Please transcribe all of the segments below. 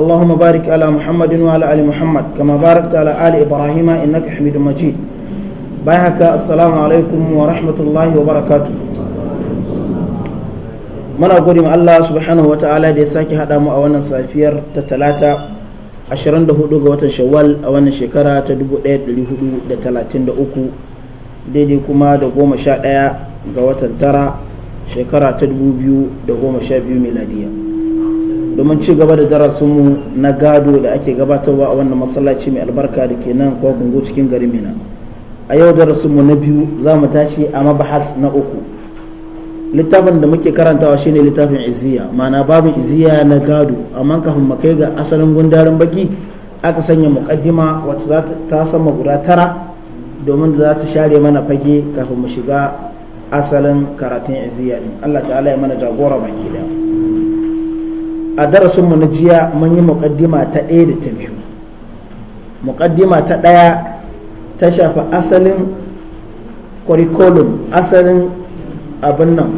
اللهم بارك على محمد وعلى ال محمد كما باركت على ال ابراهيم انك حميد مجيد بايعك السلام عليكم ورحمه الله وبركاته muna gode ma Allah subhanahu wata'ala da ya sake haɗa mu a wannan safiyar ta talata 24 ga watan shawwal a wannan shekara ta 1433 daidai kuma da goma sha ɗaya ga watan tara shekara ta 2012 miladiyya domin ci gaba da darasinmu na gado da ake gabatarwa a wannan masallaci mai albarka da ke nan kwa gungu cikin garin mina a yau darasinmu na biyu za mu tashi a mabahas na uku littafin da muke karantawa shine littafin iziya ma'ana babin iziya na gado amma kafin mu kai ga asalin gundarin baki aka sanya mukaddima wacce za ta sama guda tara domin da za ta share mana fage kafin mu shiga asalin karatun iziya din Allah ta'ala ya mana jagora baki daya a darasin mu na jiya mun yi muƙaddima ta ɗaya da ta biyu muƙaddima ta ɗaya ta shafi asalin curriculum asalin abin nan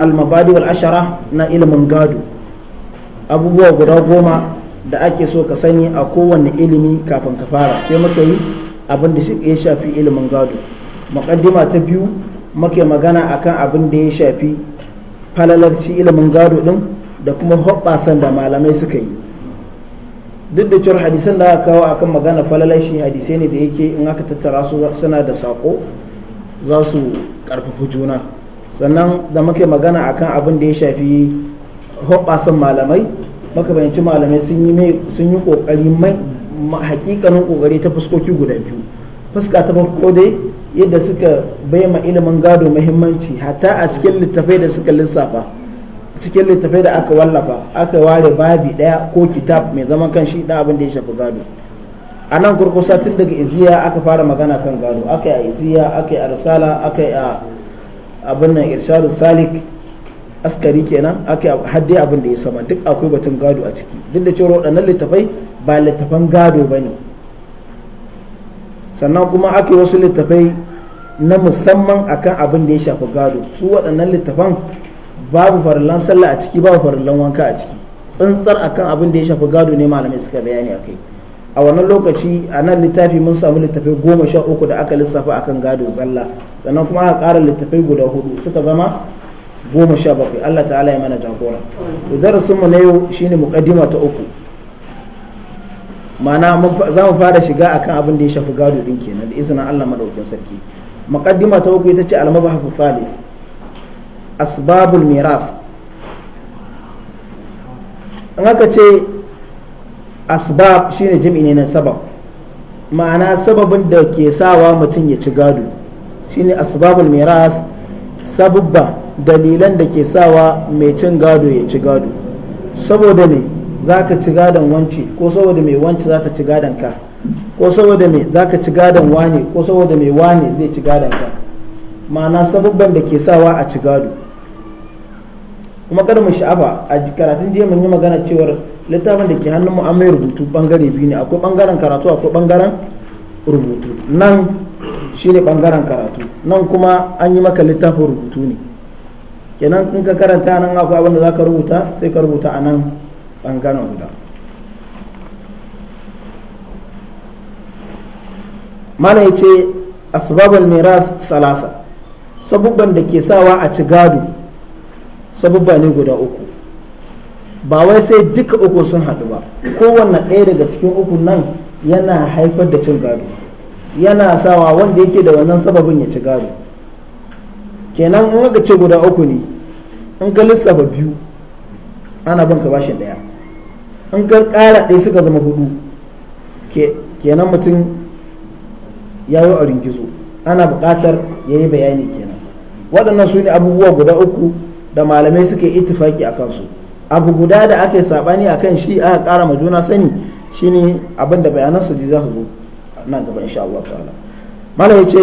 almabadi wal ashara na ilimin gado abubuwa guda goma da ake so ka sani a kowane ilimi kafin ka fara sai muka yi abin da ya shafi ilimin gado muƙaddima ta biyu muke magana akan abin da ya shafi falalarci ilimin gado din da kuma hoɓɓasan da malamai suka yi duk da cewar hadisan da aka kawo akan magana falalai shi hadisai ne da yake in aka tattara su suna da sako za su karfafi juna sannan da muke magana akan abin da ya shafi hoɓɓasan malamai maka bayanci malamai sun yi kokari mai hakikanin kokari ta fuskoki guda biyu fuska ta farko dai yadda suka bai ma ilimin gado muhimmanci hatta a cikin littafai da suka lissafa cikin littafai da aka wallafa aka ware babi daya ko kitab mai zaman kanshi na abin da ya shafi gado a nan kurkusa tun daga iziya aka fara magana kan gado aka yi a iziya aka yi a risala aka yi a abin nan irshadu salik askari kenan aka yi haddai abin da ya sama duk akwai batun gado a ciki duk da cewa waɗannan littafai ba littafan gado ba ne sannan kuma aka yi wasu littafai na musamman akan abin da ya shafi gado su waɗannan littafan babu farillan sallah a ciki babu farillan wanka a ciki tsantsar akan abin da ya shafi gado ne malamai suka bayani a kai a wannan lokaci a nan littafi mun samu littafai goma sha uku da aka lissafa akan gado sallah sannan kuma aka ƙara littafai guda hudu suka zama goma sha bakwai Allah ta'ala ya mana jagora to darasin mu na yau shine muqaddima ta uku ma'ana za mu fara shiga akan abin da ya shafi gado din kenan da izinin Allah madaukakin sarki muqaddima ta uku ita ce al-mabahafu asbabul miraf in aka ce asbab shine jami'i ne na sabab ma'ana sababin da ke sawa mutum ya ci gado shine asbabul miras sabubba dalilan da ke sawa mai cin gado ya ci gado saboda me za ka ci gadon wanci ko saboda mai wanci za ka ci gadon ka ko saboda me za ka ci gadon wane ko saboda mai wane zai ci gadon ka ma'ana sabubban da ke sawa a ci gado kuma kada mu sha'afa a karatun jiya mun yi magana cewar littafin da ke hannun mu an mai rubutu bangare biyu ne akwai bangaren karatu akwai bangaren rubutu nan shi ne bangaren karatu nan kuma an yi maka littafin rubutu ne kenan in ka karanta nan akwai abin da za ka rubuta sai ka rubuta a nan bangaren guda mana ya ce asbabul miras salasa sabubban da ke sawa a ci gado sababba ne guda uku ba wai sai duka uku sun haɗu ba kowanne ɗaya daga cikin uku nan yana haifar da cin gado yana sawa wanda yake da wannan sababin ya ci gado kenan in aka ce guda uku ne in ka lissafa biyu ana banka bashin ɗaya in ka ƙara ɗaya suka zama hudu kenan mutum ya yi a ringizo ana buƙatar ya yi bayani kenan waɗannan su ne abubuwa guda uku da malamai suke ittifaki a kansu abu guda da aka yi sabani a kan shi aka kara ma juna sani shine abin da bayanan su za su zo nan gaba insha Allah ta'ala malam yace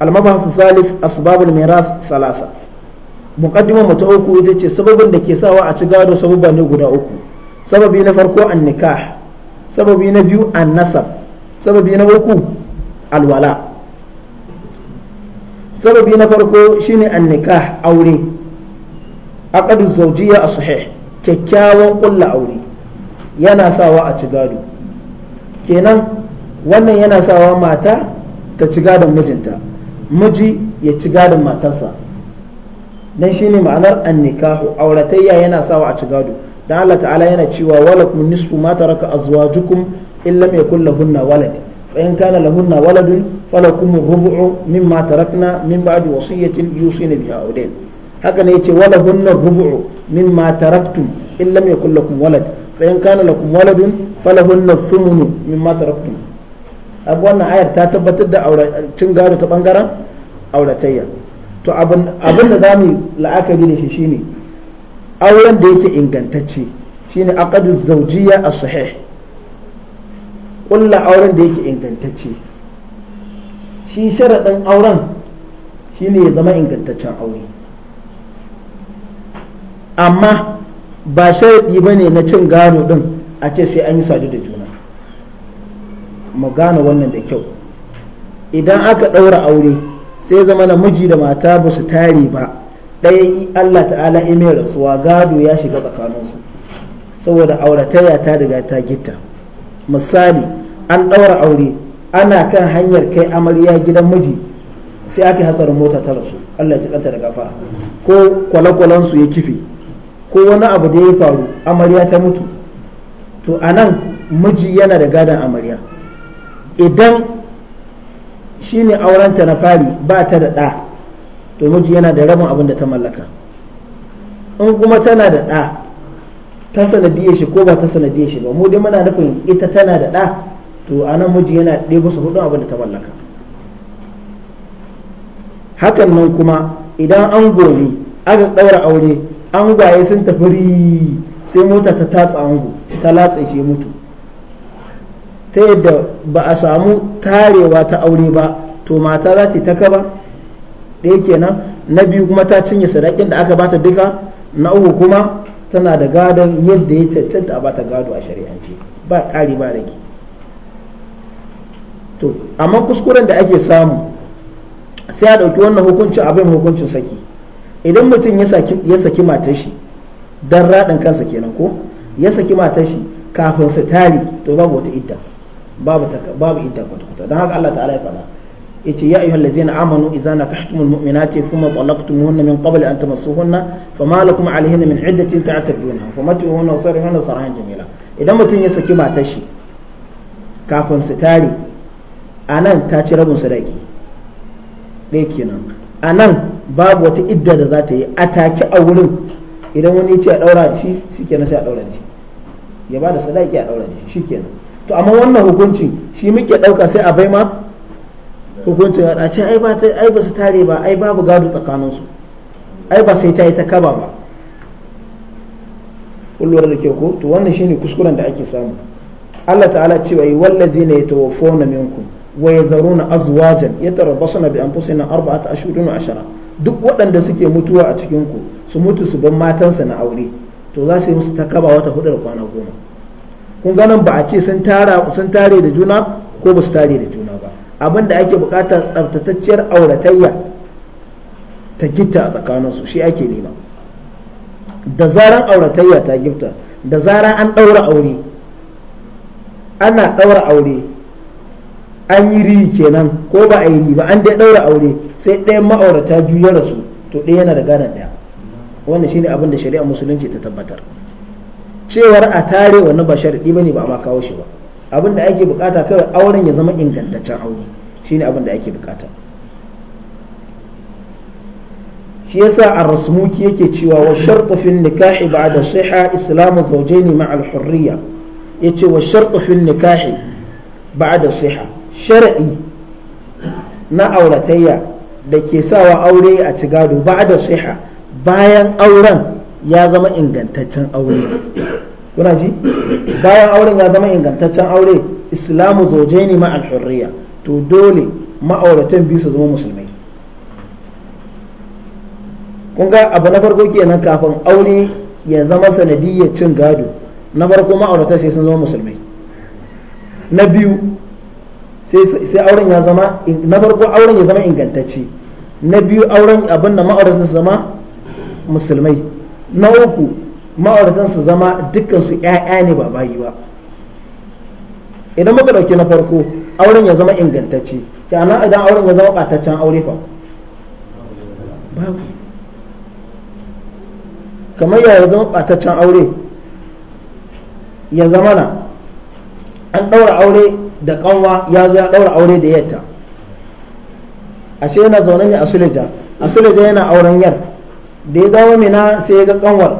al-mabahu thalith asbabul mirath salasa muqaddimar mu ta uku ita ce sababin da ke sawa a ci gado sababa ne guda uku sababi na farko an nikah sababi na biyu an nasab sababi na uku alwala sababi na farko shine an nikah aure aqdu zawjiyya a sahih kyakkyawan ƙulla aure yana sawa a ci gado kenan wannan yana sawa mata ta ci gadon mijinta miji ya ci gadon matarsa dan shine ma'anar annikahu auratayya yana sawa a ci gado dan Allah ta'ala yana cewa walakum nisfu ma taraka azwajukum in lam yakul lahunna walad fa in kana lahunna waladun falakum rubu'u mimma tarakna min ba'di wasiyatin yusina biha awdain haka ne yace wala hunna rubu'u mimma taraktum in lam yakul lakum walad fa in kana lakum waladun hunna thumnu mimma taraktum abu wannan ayar ta tabbatar da cin gado ta bangaren auratayya to abin da za mu la'akari da shi shine auren da yake ingantacce shine aqadu zawjiyya as-sahih kulla auren da yake ingantacce shi sharadin auren shine ya zama ingantaccen aure amma ba sharaɗi ba ne na cin gado ɗin a ce sai an yi sadu da juna mu gane wannan da kyau idan aka ɗaura aure sai zama na miji da mata ba su tare ba ɗaya yi Allah ta'ala ime rasuwa gado ya shiga tsakaninsu saboda auratayya ta daga ta gita misali an ɗaura aure ana kan hanyar kai amarya gidan miji sai aka hatsarin mota ta rasu Allah ya ji da gafa ko kwale-kwalensu ya kife ko wani abu da ya faru amarya ta mutu to a nan miji yana da gadon amarya idan shi ne aurenta na fari ba ta da ɗa to miji yana da rabin abin da ta mallaka in kuma tana da ɗa ta sanadiyar shi ko ba ta sanadiyar shi ba mu dai muna nufin ita tana da ɗa to a nan miji yana ɗaya bisa hudun abin da ta mallaka hakan nan kuma idan an gobe aka ɗaura aure angwaye sun tafi ri sai mota ta tatsa ango ta latsa shi mutu ta yadda ba a samu tarewa ta aure ba to mata za ta ta kaba ɗaya kenan na biyu kuma ta cinye sadakin da aka bata duka na uku kuma tana da gadon yadda ya cancanta a bata gado a shari'ance ba ƙari ba ke to amma kuskuren da ake samu sai a ɗauki wannan hukuncin abin hukuncin saki idan mutum ya saki matar shi dan raɗin kansa kenan ko ya saki matar shi kafin su tari to babu wata idda babu babu idda kwata-kwata don haka Allah ta'ala ya faɗa yace ya ayyuhal ladzina amanu idza nakahtumul mu'minati thumma talaqtumuhunna min qabli an tamassuhunna fama lakum alaihinna min iddatin ta'taddunha famatuhunna wasarihunna sarahan jamila idan mutum ya saki matar shi kafin su tari anan ta ci rabin sadaki ɗaya kenan a nan babu wata idda da za ta yi a take a wurin idan wani ya ce a daura da shi shikenan sai a daura da shi ya ba da sadaki a daura da shi shikenan to amma wannan hukuncin shi muke dauka sai a bai ma hukuncin a ce ai ba ai ba su tare ba ai babu gado tsakanin su ai ba sai ta yi ta kaba ba kullum da ke ko to wannan shine kuskuren da ake samu Allah ta'ala cewa yi ya wallazina yatawaffawna minkum ويذرون أزواجا يتربصن بأنفسهن أربعة أشهر وعشرة duk waɗanda suke mutuwa a cikinku su mutu su ban matansa na aure to za su yi musu takaba wata hudu da kwana goma kun ganin ba a ce sun tare da juna ko ba su tare da juna ba abin da ake bukata tsabtatacciyar auratayya ta gita a tsakaninsu shi ake nema da zaran auratayya ta gifta da zaran an ɗaura aure ana ɗaura aure an yi riri kenan ko ba a yi riri ba an dai ɗaura aure sai ɗayan ma'aurata biyu ya rasu to ɗaya yana da gana ɗaya wannan shine abin da shari'a musulunci ta tabbatar cewar a tare wannan ba sharaɗi bane ba a ma kawo shi ba abin da ake bukata kawai auren ya zama ingantaccen aure shine abin da ake bukata shi yasa a rasmuki yake cewa wa shartu fil nikahi ba'da sihha islamu zawjaini ma'al hurriya yace wa shartu fil nikahi ba'da sihha sharaɗi na auratayya da ke sawa aure a ci gado ba da siha bayan auren ya zama ingantaccen aure kuna ji bayan auren ya zama ingantaccen aure islamu ne ma alhurriya to dole ma'auratan biyu su zama musulmai kun ga abu na farko kenan kafin aure ya zama sanadiyyar cin gado na farko ma'aurata sai sun zama musulmai na biyu sai auren ya zama na farko auren ya zama ingantacce na biyu auren abin da ma'auratan su zama musulmai na uku ma'auratan su zama dukkan su ƴaƴa ne ba bayi ba idan muka dauke na farko auren ya zama ingantacce kenan idan auren ya zama ɓataccen aure fa babu kamar ya zama ɓataccen aure ya zama na an ɗaura aure da kanwa ya zo ya daura aure da yatta ashe yana zaune ne a suleja a suleja yana auren yar da ya dawo mina sai ya ga kanwar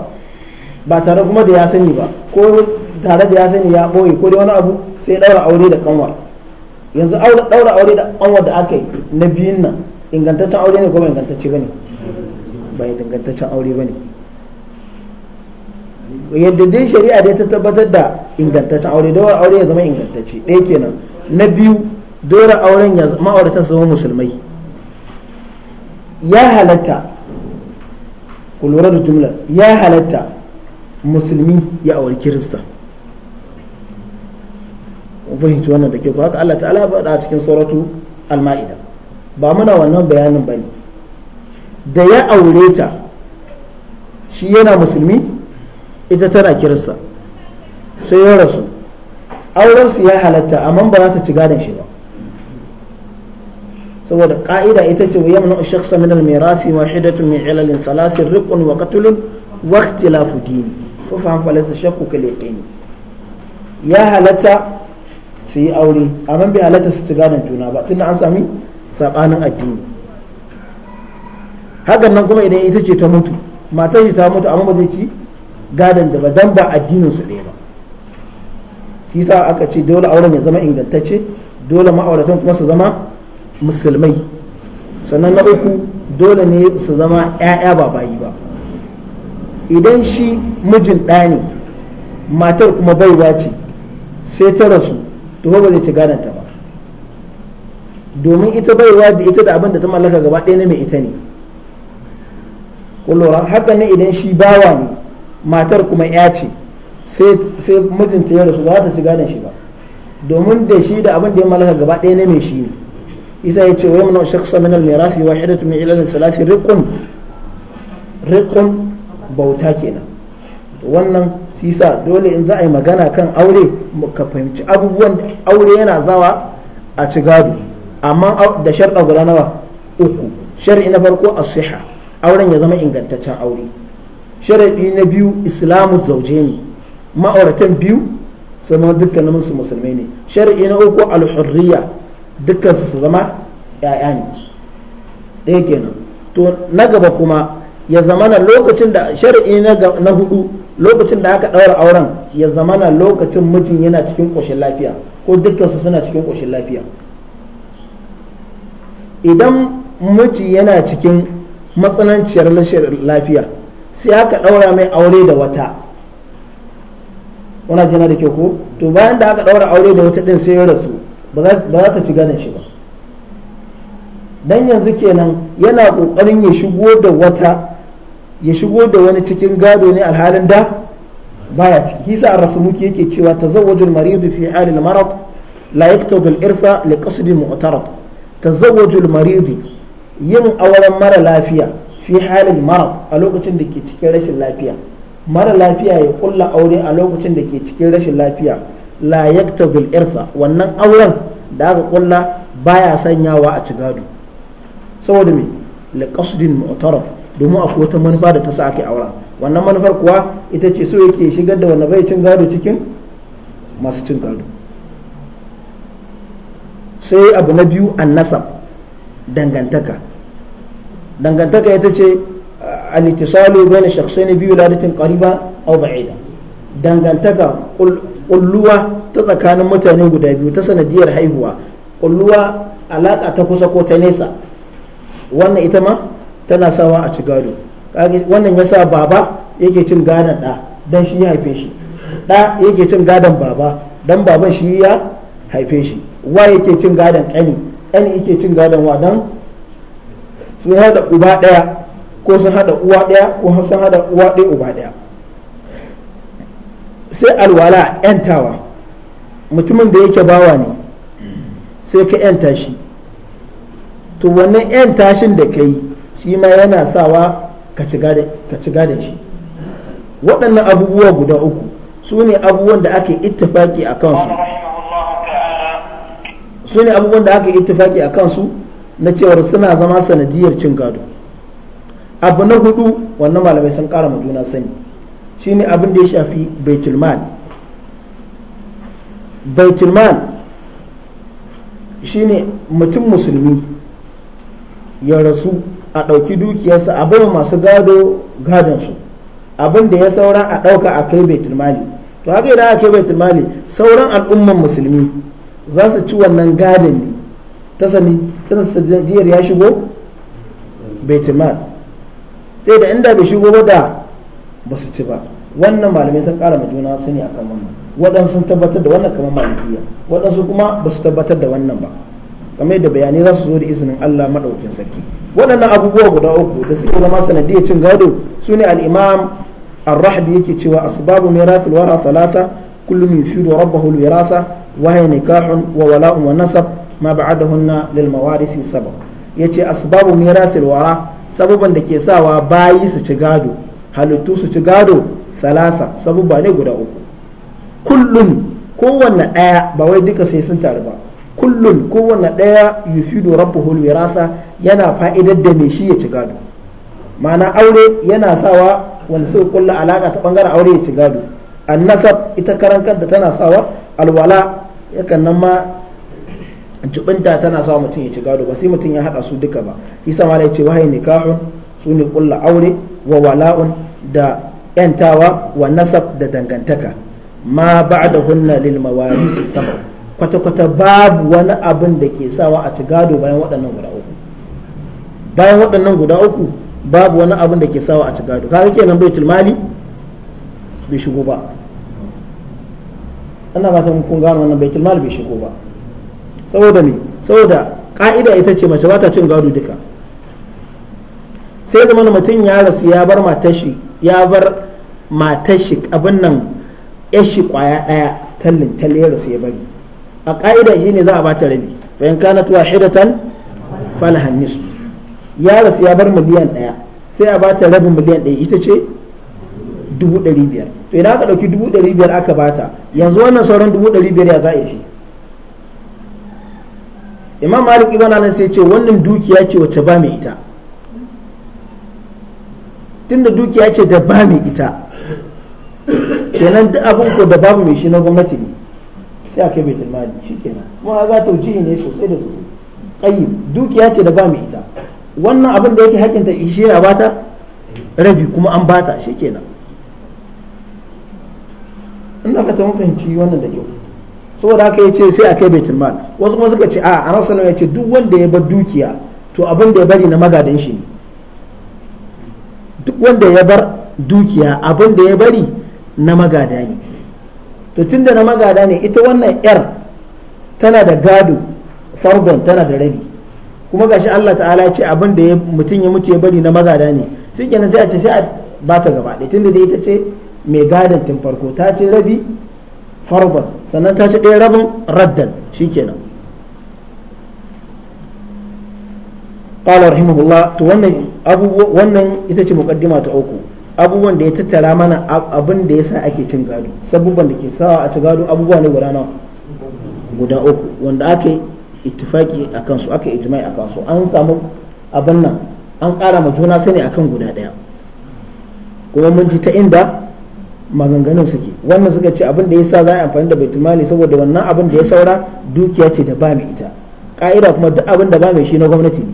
ba tare kuma da ya sani ba ko tare da ya sani ya boye ko da wani abu sai ya daura aure da kanwar yanzu daura aure da kanwar da aka yi na biyun nan ingantaccen aure ne ko ba ingantacce ba ne ba ingantaccen aure ba ne yadda din shari'a dai ta tabbatar da ingantaccen aure dawar aure ya zama ingantacce ɗaya kenan na biyu dora auren ya ma'auratan su zama musulmai ya halatta ku lura da jumlar ya halatta musulmi ya auri kirista fahimci wannan da ke haka Allah ta'ala faɗa cikin suratu al-ma'ida ba muna wannan bayanin bane da ya aure ta shi yana musulmi ita tana kirista sai ya rasu aurensu ya halatta amma ba za ta ci gadon shi ba saboda ka'ida ita ce wuyan na shakhsa min al-mirasi wahidatun min ilalin salasin riqun wa qatlun wa ikhtilafu dini fa fa falasa shakku kal ya halatta su yi aure amma bai halatta su ci gadon juna ba tunda an sami sabanin addini hakan nan kuma idan ita ce ta mutu matar shi ta mutu amma ba zai ci gadon da ba dan ba addinin su ɗaya ba shi sa aka ce dole auren ya zama ingantacce dole ma'auratan kuma su zama musulmai sannan na uku dole ne su zama 'ya'ya ba bayi ba idan shi mijin ɗa ne matar kuma baiwa ce sai ta rasu to ba zai ci gadonta ba domin ita baiwa da ita da abin da ta mallaka gaba ɗaya na mai ita ne kullura haka ne idan shi bawa ne matar kuma ya ce sai mijinta ya rasu ba ta shiga da shi ba domin da shi da abin da ya malaka gaba ɗaya na mai shi ne isa ya ce wa yamna shakhsa min al mirasi wahidatu min ilal salasi riqun riqun bauta kenan wannan sisa dole in za a yi magana kan aure ka fahimci abubuwan aure yana zawa a ci gado amma da sharɗa guda nawa uku shar'i na farko a siha auren ya zama ingantaccen aure sharaɗi na biyu islamu zauje ne ma'auratan biyu su zama dukkanin su musulmai ne sharaɗi na uku alhurriya dukkan su zama ya'ya ne ɗaya kenan to na gaba kuma ya zamana lokacin da shari'i na hudu lokacin da aka ɗaura auren ya zamana lokacin mijin yana cikin ƙoshin lafiya ko dukkan su suna cikin ƙoshin lafiya idan miji yana cikin matsananciyar rashin lafiya sai aka ɗaura mai aure da wata wana jina da ke ku to bayan da aka ɗaura aure da wata ɗin sai ya rasu ba za ta ci ganin shi ba dan yanzu kenan yana ƙoƙarin ya shigo da wata ya shigo da wani cikin gado ne alhalin da baya ciki hisa a rasu muke yake cewa tazawwajul maridu fi halil marad la yaktubu al li ta mu'tarad tazawwajul maridu yin auren mara lafiya fi halin marad a lokacin da ke cikin rashin lafiya mara lafiya ya kulla aure a lokacin da ke cikin rashin lafiya la ta irsa wannan auren da aka kulla baya sanyawa a ci gado saboda me li qasdin domin domin akwai wata manufa da ta sa aka aura wannan manufar kuwa ita ce so yake shigar da wanda bai cin gado cikin masu cin gado sai abu na biyu an nasab dangantaka dangantaka ita ce uh, al-ittisalu bayna ne biyu ladatin qariba aw ba'ida dangantaka kulluwa ta tsakanin mutane guda biyu ta sanadiyar haihuwa kulluwa alaka ta kusa ko ta nesa wannan ita ma tana sawa a ci gado wannan yasa baba yake cin gadon da dan shi ya haife shi da yake cin gadon baba dan baban shi ya haife shi wa yake cin gadon ƙani ƙani yake cin gadon wa dan sun hada uba daya ko sun hada uwa daya ko sun hada uwa daya uba daya sai alwala yantawa mutumin da yake bawa ne sai ka yanta shi to wannan yan tashin da ka yi shi ma yana sawa ka ci da shi waɗannan abubuwa guda uku su ne abubuwan da ake ittifaki a kansu su a kansu na cewar suna zama sanadiyar cin gado abu na hudu wannan malamai sun kara juna sani shine abin da ya shafi baitulmal baitulmal shine mutum musulmi ya rasu a ɗauki dukiyarsa a bai masu gado gadonsu abin da ya saura a ɗauka a kai baitulmali to haka idan a kai baitulmali sauran al'umman musulmi za su ci wannan gadon ne ta sami ta sanadiyar ya shigo baitimal sai da inda bai shigo ba da ba su ci ba wannan malamai sun kara juna sani akan wannan waɗansu sun tabbatar da wannan kamar malikiya waɗansu kuma ba su tabbatar da wannan ba kamar yadda bayanai za su zo da izinin Allah maɗaukin sarki waɗannan abubuwa guda uku da suke zama sanadiyar cin gado su ne al-imam ar-rahbi yake cewa asbabu mirathul wara thalatha kullu min yufidu rabbahu al-wirasa wa hiya nikahun wa wala'un wa nasab ma ba'adahunna lil mawarisi sabab yace asbabu mirasil wara sababan da ke sawa bayi su ci gado halittu su ci gado salasa sababa ne guda uku kullum kowanne daya ba wai duka sai sun taru ba kullun kowanne daya yufidu rabbuhul yana fa'idar da me shi ya ci gado ma'ana aure yana sawa wanda suka kulla alaka ta bangaren aure ya ci gado annasab ita karan kanta tana sawa alwala yakan nan ma jubinta tana sa mutum ya ci gado ba sai mutum ya haɗa su duka ba isa ma ce wahayi nikahun su ne kulla aure wa wala'un da yantawa wa nasab da dangantaka ma da hunna lil mawarisi sama kwata kwata babu wani abin da ke sawa a ci gado bayan waɗannan guda uku bayan waɗannan guda uku babu wani abin da ke sawa a ci gado kaga kenan baitul mali bai shigo ba ana fatan kun gano wannan baitul mali bai shigo ba saboda ne saboda ka'ida ita ce mace ba ta cin gado duka sai zama mutum ya rasu ya bar matashi ya bar matashi abin nan shi kwaya daya tallin talle ya rasu ya bari a ka'ida ne za a bata rabi bayan in kanat wahidatan falaha nisfu ya rasu ya bar miliyan daya sai a bata rabin miliyan daya ita ce dubu ɗari biyar to idan aka ɗauki dubu ɗari biyar aka bata yanzu wannan sauran dubu ɗari biyar ya za a yi shi imam malik ibn nan sai ce wannan dukiya ce wacce ba mai ita tunda dukiya ce da ba mai ita kenan duk abin ko da babu mai shi na gwamnati ne sai aka bai shi kenan kuma ga taujihi ne sosai da sosai ayi dukiya ce da ba mai ita wannan abin da yake hakinta ta shi a bata rabi kuma an bata kenan ina fata mun fahimci wannan da kyau saboda haka ya ce sai a kai baitul mal wasu kuma suka ce a anan sallallahu ya ce duk wanda ya bar dukiya to abin da ya bari na magadan shi ne duk wanda ya bar dukiya abin da ya bari na magada ne to tunda na magada ne ita wannan yar tana da gado fardon tana da rabi kuma gashi Allah ta'ala ya ce abin da mutum ya mutu ya bari na magada ne sai kenan sai a ce sai a bata gaba ɗaya tunda da ita ce mai gadon tun farko ta ce rabi fardon sannan ta ci ɗaya rabin raddan shi kenan qala rahimahullah to wannan abubuwa wannan ita ce muqaddima ta uku abubuwan da ya tattara mana abin da ya sa ake cin gado sabubban da ke sawa a ci gado abubuwa ne guda nawa guda uku wanda aka yi ittifaki a kansu aka yi ijma'i a kansu an samu abin nan an ƙara ma juna sani kan guda ɗaya kuma mun ji ta inda maganganun suke wannan suka ce abin da ya sa za a yi amfani da baitul mali saboda wannan abin da ya saura dukiya ce da ba mai ita ka'ida kuma duk abin da ba mai shi na gwamnati ne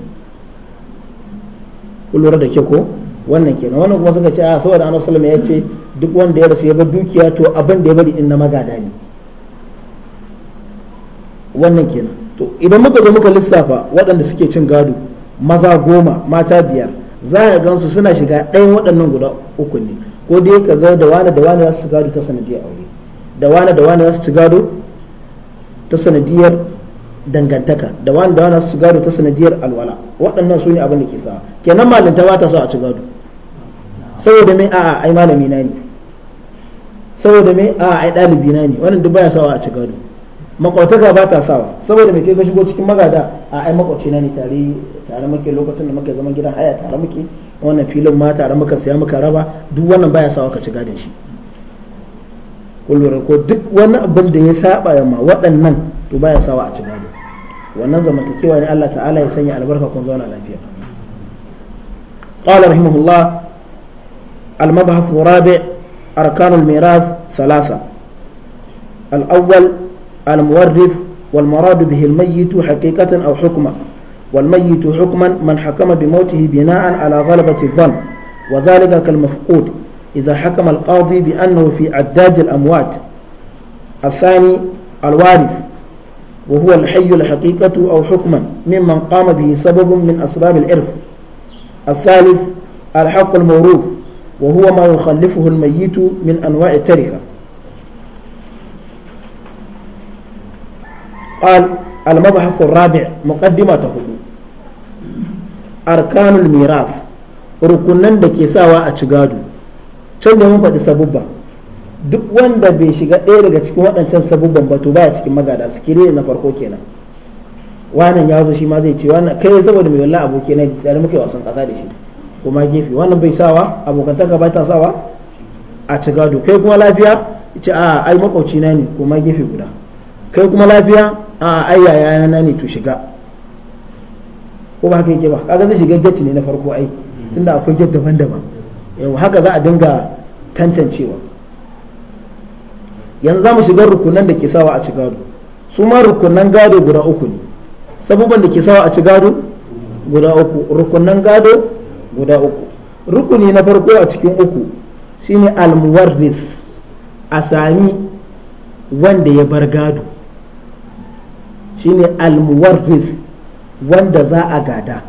ku lura da ke ko wannan kenan wannan kuma suka ce a ah, saboda annabi sallallahu ya ce duk wanda ya rasu ya bar dukiya to abin da ya bari din na magada ne wannan kenan to idan muka zo muka lissafa waɗanda suke cin gado maza goma mata biyar za a gansu suna shiga ɗayan waɗannan guda uku ne ko dai ka ga da wani da wani za su gado ta sanadiyar aure da wani da wani za su gado ta sanadiyar dangantaka da wani da wani za su gado ta sanadiyar alwala waɗannan su ne abin da ke sawa kenan malinta ba ta sa a ci gado saboda mai a'a ai malami na ne saboda mai a'a ai ɗalibi na ne wannan duk baya sawa a ci gado makwataka ba ta sawa saboda mai kai ka shigo cikin magada a ai makwaci na ne tare tare muke lokacin da muke zaman gidan haya tare muke wannan filin ma tare muka saya muka raba duk wannan baya sawa ka ci gadin shi kullum ko duk wani abin da ya saba yamma waɗannan to baya sawa a ci gadin wannan zamantakewa ne Allah ta'ala ya sanya albarka kun zauna lafiya qala rahimahullah المبحث الرابع أركان الميراث ثلاثة الأول المورث والمراد به الميت حقيقة أو حكمة والميت حكما من حكم بموته بناء على غلبة الظن وذلك كالمفقود إذا حكم القاضي بأنه في عداد الأموات الثاني الوارث وهو الحي الحقيقة أو حكما ممن قام به سبب من أسباب الإرث الثالث الحق الموروث وهو ما يخلفه الميت من أنواع التركة قال المبحث الرابع مقدمته arkanul miras rukunan da ke sawa a ci gado can da mun faɗi sabubba duk wanda bai shiga ɗaya daga cikin waɗancan sabubban ba to baya cikin magada kire na farko kenan wannan ya zo shi ma zai ce wannan kai saboda mai wallahi aboki ne da muke wasan ƙasa da shi kuma gefe wannan bai sawa abokantaka ba ta sawa a ci gado kai kuma lafiya ce a ai makwabci na ne kuma gefe guda kai kuma lafiya a ai yaya na ne to shiga ko ba haka yake ba kaga zai shiga gate ne na farko ai tunda akwai gate daban-daban yau haka za a dinga tantancewa yanzu za mu shiga rukunan da ke sawa a ci gado su ma rukunan gado guda uku ne sabuban da ke sawa a ci gado guda uku rukunan gado guda uku rukuni na farko a cikin uku shine almuwarris a sami wanda ya bar gado shine almuwarris wanda za a gada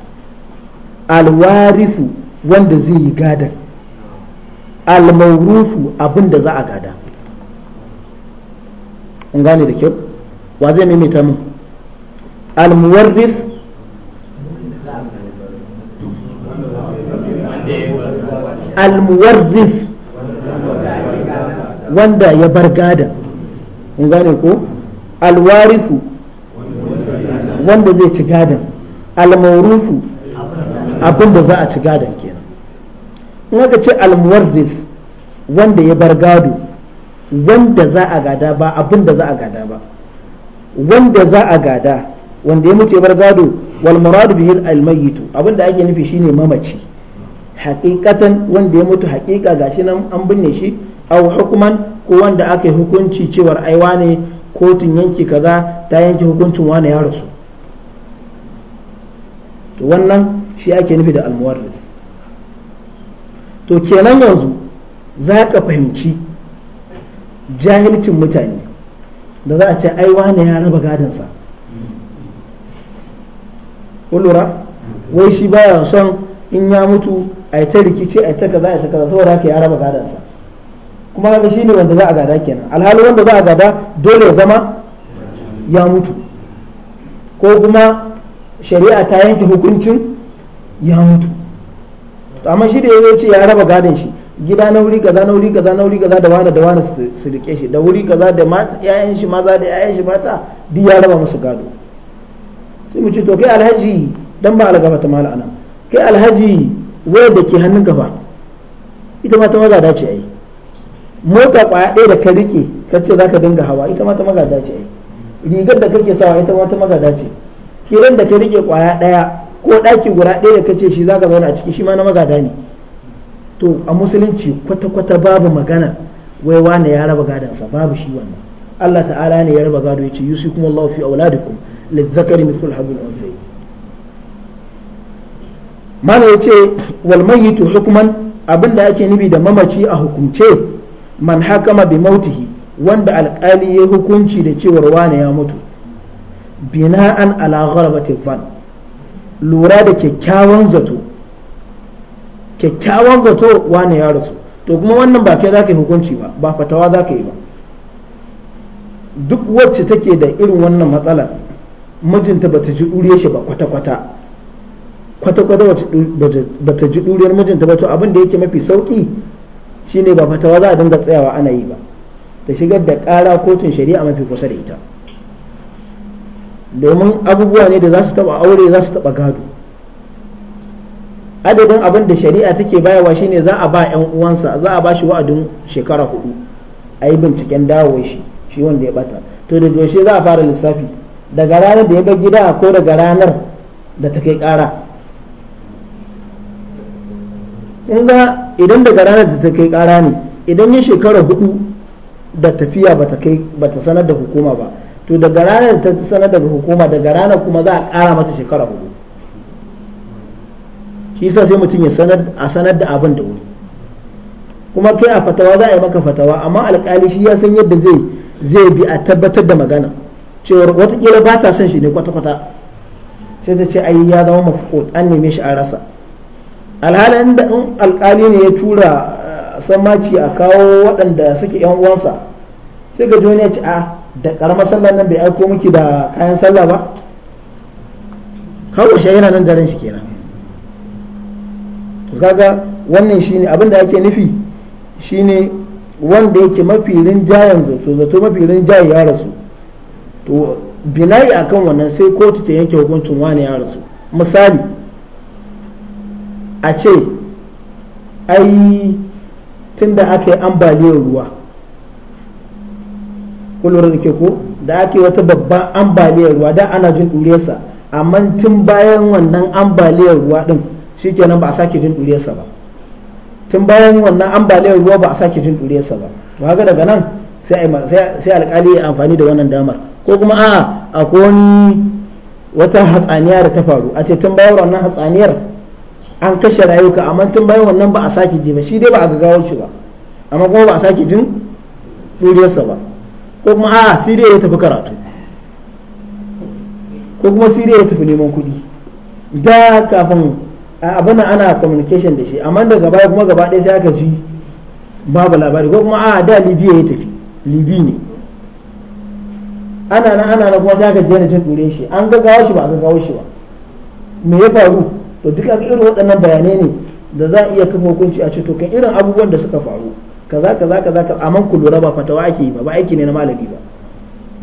alwarisu wanda zai yi gadan almaurufu abin da za a gada in gane da kyau wa zai maimaita mu almuwarris almuwarris wanda ya bar gada in gane ko alwarisu wanda zai ci gadon almaurufu abin da za a ci gadon kenan in aka ce almuwarris wanda ya bar gado wanda za a gada ba abin da za a gada ba wanda za a gada wanda ya mutu ya bar gado wal bihi almayitu mayyitu abin da ake nufi shine mamaci haƙiƙatan wanda ya mutu haƙiƙa gashi nan an binne shi aw hukuman ko wanda aka yi hukunci cewar aiwa ne kotun yanki kaza ta yanke hukuncin wani ya rasu to wannan shi ake nufi da almuwarris to kenan yanzu za ka fahimci jahilcin mutane da za a ce ai wane ya raba gadansa lura wai shi baya son in ya mutu a ta rikici a ta kaza a ta kaza saboda haka ya raba gadansa kuma haka shi ne wanda za a gada kenan alhali wanda za a gada dole ya zama ya mutu ko kuma shari'a ta yanke hukuncin ya mutu to amma shi da ya ce ya raba gadon shi gida na wuri kaza na wuri kaza na wuri kaza da wani da wani su rike shi da wuri kaza da yayan shi maza da yayan shi mata duk ya raba musu gado sai mu ce to kai alhaji dan ba algaba ta mala anan kai alhaji wayar da ke hannun gaba ita ma ta maza dace ai mota kwaya ɗaya da ka rike ka ce za ka dinga hawa ita ma ta maza dace ai rigar da kake sawa ita ma ta maza dace kiran da ka rike kwaya ɗaya ko ɗaki guda ɗaya da ka ce shi zaka zauna a ciki shi ma na magada ne to a musulunci kwata-kwata babu magana wai wane ya raba gadansa babu shi wannan Allah ta'ala ne ya raba gado ya ce yusikum Allahu fi auladikum lizzakari mithlu hadhil unsay mana yace wal mayyitu hukman abinda ake nubi da mamaci a hukunce man hakama bi mautihi wanda alkali ya hukunci da cewar wane ya mutu bina'an ala gharabati fan lura da kyakkyawan zato kyakkyawan zato wane ya rasu to kuma wannan ba kai zaka yi hukunci ba ba fatawa zaka yi ba duk wacce take da irin wannan matsalar mijinta ba ta ji ɗure shi ba kwata-kwata kwata-kwata ta ji ɗuriyar mijinta ba to abin da yake mafi sauki shine ba fatawa za a dinga tsayawa ana yi ba ta shigar da ƙara kotun shari'a mafi kusa da ita domin abubuwa ne da za su taba aure za su taba gado adadin abin da shari'a take bayarwa shine za a ba yan uwansa za a ba shi wa'adin shekara hudu a yi binciken dawowar shi shi wanda ya bata to da yaushe za a fara lissafi daga ranar da ya bar gida ko daga ranar da ta kai kara in ga idan daga ranar da ta kai kara ne idan ya shekara hudu da tafiya ba ta sanar da hukuma ba to daga ranar ta sanar daga hukuma daga ranar kuma za a kara mata shekara hudu shi sa sai mutum ya sanar a sanar da abin da wuri kuma kai a fatawa za a yi maka fatawa amma alkali shi ya san yadda zai zai bi a tabbatar da magana cewa watakila ba ta son shi ne kwata-kwata sai ta ce ai ya zama mafuko an neme shi a rasa alhalin da in alkali ne ya tura eh, sammaci a kawo waɗanda suke yan uwansa sai ga ya ce a ah, da karamar sallar nan bai aiko miki da kayan sallah ba kawai shi yana nan daren shi kenan to kaga wannan shine abin da ake nufi shine wanda yake mafi yanzu to zato mafi rinjaye ya rasu to binayi akan wannan sai kotu ta yanke hukuncin wani ya rasu misali a ce ai tunda aka yi ambaliyar ruwa kullum da ke ko da ake wata babban ambaliyar ruwa da ana jin duriyarsa amma tun bayan wannan ambaliyar ruwa din shikenan ba a sake jin duriyarsa ba tun bayan wannan ambaliyar ruwa ba a sake jin duriyarsa ba ba ga daga nan sai alkali ya amfani da wannan damar ko kuma a akwai wani wata hatsaniya da ta faru a ce tun bayan wannan hatsaniyar an kashe rayuka amma tun bayan wannan ba a sake ji ba shi dai ba a ga gawar shi ba amma kuma ba a sake jin ɗuriyarsa ba ko kuma a siriya ya tafi karatu ko kuma siriya ya tafi neman kuɗi da kafin abin ana communication da shi amma daga baya kuma gaba ɗaya sai aka ji babu labari ko kuma a da libya ya tafi libi ne ana nan ana nan kuma sai aka daina jin ɗure shi an ga shi ba a ga shi ba me ya faru to duk irin waɗannan bayanai ne da za a iya kafa hukunci a ce to kan irin abubuwan da suka faru kaza kaza kaza ka amman ku lura ba fatawa ake yi ba ba aiki ne na malami ba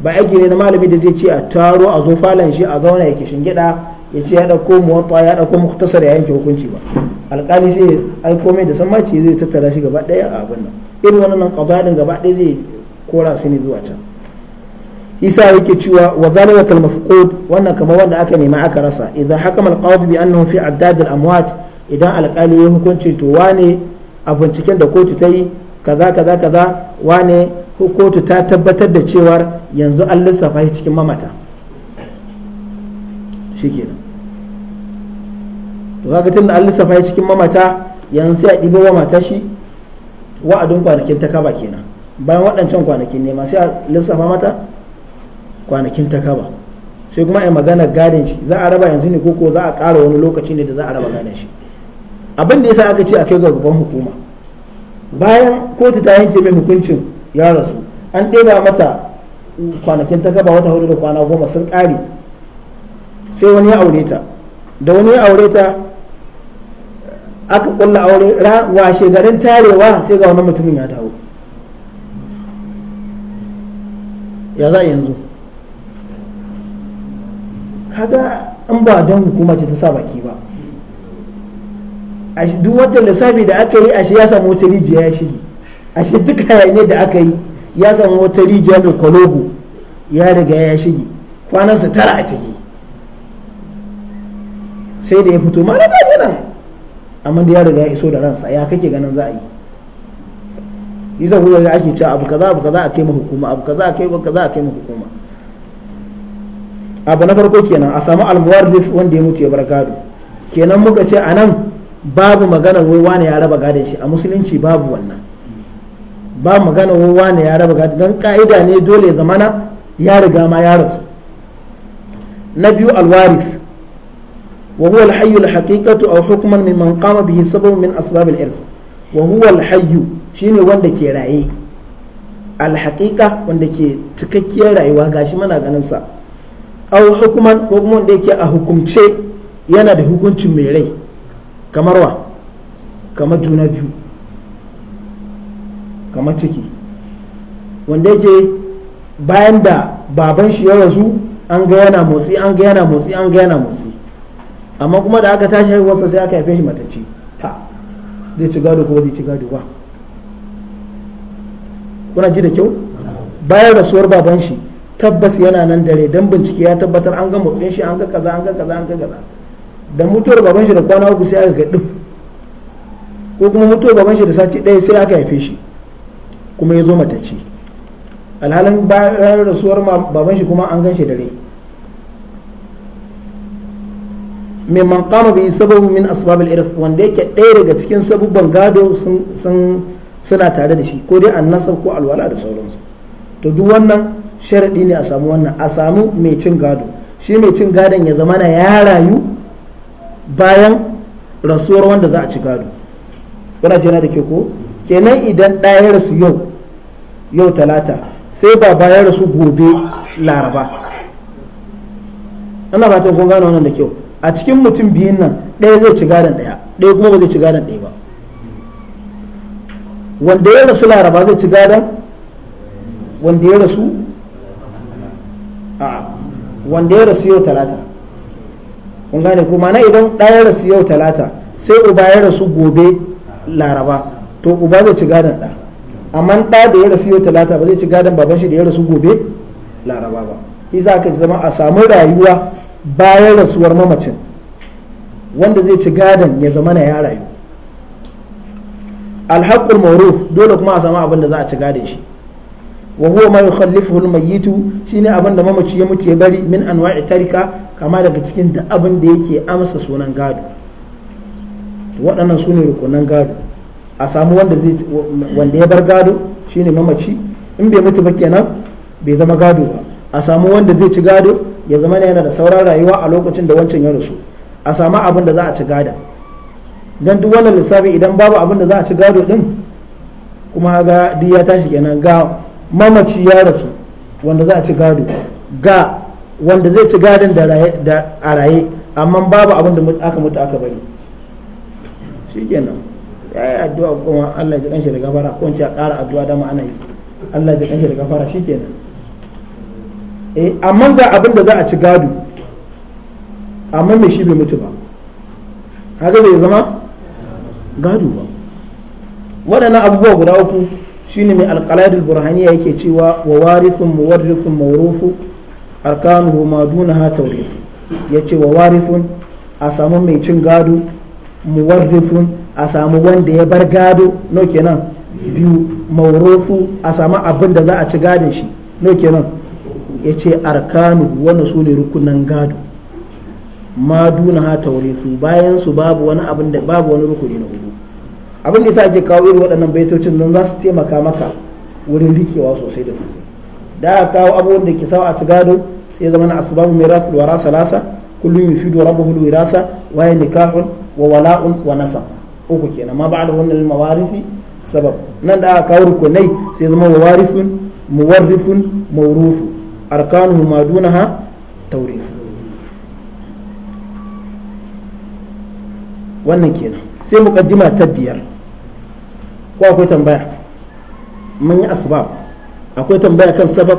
ba aiki ne na malami da zai ce a taro a zo falan shi a zauna yake shingida ya ce ya dauko muwatta ya dauko muktasar ya yanke hukunci ba alƙali sai aiko komai da sammaci zai tattara shi gaba ɗaya a abin nan irin wannan qadadin gaba ɗaya zai kora su ne zuwa can isa yake cewa wa zalika kal mafqud wannan kamar wanda aka nema aka rasa idan hakama al qadi bi annahu fi addad al amwat idan alƙali ya hukunci to wane a binciken da kotu ta yi kaza kaza kaza wane kotu ta tabbatar da cewar yanzu an lissafa shi cikin mamata shikenan to kaga da an lissafa shi cikin mamata yanzu sai a ɗibo wa mata shi wa'adin kwanakin ta kaba kenan bayan waɗancan kwanakin ne masu a lissafa mata kwanakin ta kaba sai kuma a magana gadin shi za a raba yanzu ne ko za a ƙara wani lokaci ne da za a raba gadin shi abin da yasa aka ce a kai ga gaban hukuma bayan kotu ta yanke mai hukuncin ya rasu an ɗeba mata kwanakin ta gaba wata hudu da kwana goma sun ƙare sai wani ya aure ta da wani ya aure ta aka ƙulla aure washe garin tarewa sai ga wani mutumin ya dawo ya za yanzu kaga an ba don hukuma ce ta sa baki ba duk wata lissafi da aka yi ashe ya samu wata rijiya ya shige ashe duk hayaniya da aka yi ya samu wata rijiya mai kwalogo ya riga ya shige kwanansa tara a ciki sai da ya fito mara ba nan amma da ya riga ya iso da ransa ya kake ganin za a yi isa kuma ga ake cewa abu kaza abu kaza a kai hukuma abu kaza a kai kaza a kai hukuma abu na farko kenan a samu almuwarris wanda ya mutu ya barka kenan muka ce a nan babu magana wai wane ya raba gadon shi a musulunci babu wannan ba magana wai wane ya raba gadon don ka'ida ne dole zamana ya riga ma ya rasu na biyu alwaris wa huwa alhayyu alhaqiqatu aw hukman mimman qama bihi sabab min asbab al-irth wa huwa alhayyu shine wanda ke raye alhaqiqa wanda ke cikakkiyar rayuwa gashi muna ganin sa aw hukman ko kuma wanda yake a hukumce yana da hukuncin mai rai kamar wa kamar juna biyu kamar ciki wanda yake bayan da baban shi ya rasu an ga yana motsi an ga yana motsi an ga yana motsi amma kuma da aka tashi haihuwarsa sai aka haife shi matacce ta zai ci gado kuma zai ci gado ba kuna ji da kyau bayan rasuwar baban shi tabbas yana nan dare don bincike ya tabbatar an ga motsin shi an ga kaza an ga kaza an ga kaza da mutuwar baban shi da kwana uku sai aka ga ko kuma mutuwar baban da sati ɗaya sai aka haife shi kuma ya zo matacce alhalin bayan rasuwar baban shi kuma an gan shi da rai mimman kama bi sababu min asbabil irf wanda yake ɗaya daga cikin sabubban gado sun suna tare da shi ko dai an nasab ko alwala da sauransu to duk wannan sharaɗi ne a samu wannan a samu mai cin gado shi mai cin gadon ya zama na ya rayu bayan rasuwar wanda za a ci gado wadda jina da ke ko kenan idan ɗaya rasu yau yau talata sai ba bayan rasu gobe laraba ana ba ta kun gane wannan da kyau a cikin mutum biyun nan ɗaya zai ci gadon ɗaya ɗaya kuma ba zai ci gadon ɗaya ba wanda ya rasu laraba zai ci gadon wanda ya rasu a wanda ya rasu yau talata kun gane ko mana idan ɗaya rasu yau talata sai uba ya rasu gobe laraba to uba zai ci gadon ɗa amma ɗa da ya rasu yau talata ba zai ci gadon baban shi da ya rasu gobe laraba ba isa ka zama a samu rayuwa bayan rasuwar mamacin wanda zai ci gadon ya zama na ya rayu alhaƙul maruf dole kuma a samu abin da za a ci gadon shi wa huwa ma yukhallifuhu almayyitu shine abin da mamaci ya mutu ya bari min anwa'i tarika kama daga cikin da abin da yake amsa sunan gado waɗannan su ne rukunan gado a samu wanda ya bar gado shine mamaci in bai mutu ba kenan bai zama gado ba a samu wanda zai ci gado ya zama yana da sauran rayuwa a lokacin da wancan ya rasu a samu abin da za a ci gada dan duk wannan lissafi idan babu abin da za a ci gado din kuma ga ya tashi kenan ga mamaci ya rasu wanda za a ci gado ga wanda zai ci gadon da a raye amma babu abin da aka mutu aka bari shi kenan ya yi addu'a kuma Allah ji kanshi da gafara ko ce a ƙara addu'a da ma'ana yi Allah ji kanshi da gafara shi kenan eh amma ga abin da za a ci gado amma me shi bai mutu ba haka bai zama gado ba waɗannan abubuwa guda uku shine mai alƙalaidul burhaniya yake cewa wa warisun muwarrithun mawrufu arkanuhu ma dunaha ya yace wa warifun a samu mai cin gado muwarrifun a samu wanda ya bar gado no kenan biyu maurufu a samu abin da za a ci gadon shi no kenan yace arkanu wannan su ne rukunan gado ma ha tawrith bayan su babu wani abin da babu wani rukuni na hudu abin da yasa ake kawo irin waɗannan baitocin don za su taimaka maka wurin rikewa sosai da sosai da aka kawo abubuwan da ke sawa a ci gado sai zama na asbabu mirath wara salasa kullun yufidu rabbahu alwirasa wa nikahun wa wala'un wa nasa uku kenan ma ba'da wannan warifi sabab nan da aka kawo rukunai sai zama warisun muwarrifun mawrufu mu ma dunaha tawrifu wannan kenan sai muqaddima ta biyar ko akwai tambaya mun yi asbab akwai tambaya kan sabab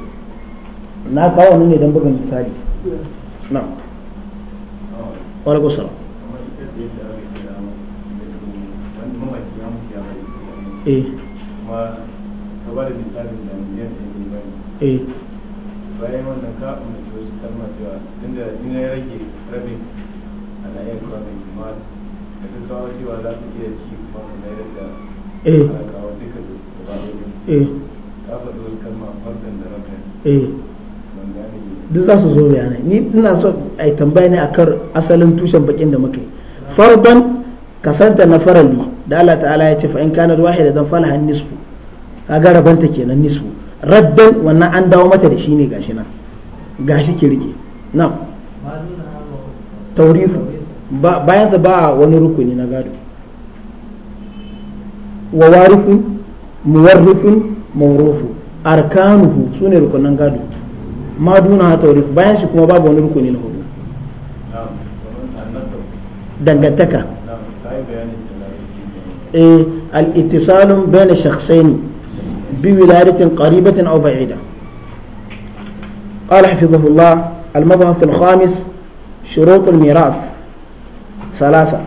na kawo nan ne don misali na walaikusa eh ba da ne eh bayan wannan ka umarci wasu kalma cewa rage rabin ana kawo cewa za ka iya ci kuma ka eh. kawo duka eh. ka faɗi wasu kalma duk za su zo bayanai ni ina so a yi tambaya ne akan asalin tushen bakin da muke farban kasanta na farali da Allah ta'ala ya ce fa in kana wahida dan falaha nisfu kaga rabanta kenan nisfu raddan wannan an dawo mata da shi ne gashi nan gashi ki rike na tawrifu bayan sa ba wani rukuni na gado wa warifu muwarrifu mawrufu arkanuhu sune rukunan gado ما دون هذا الرف بين شكو ما بابون ركوني له دعتك إيه الاتصال بين شخصين بولادة قريبة أو بعيدة قال حفظه الله المظهر في الخامس شروط الميراث ثلاثة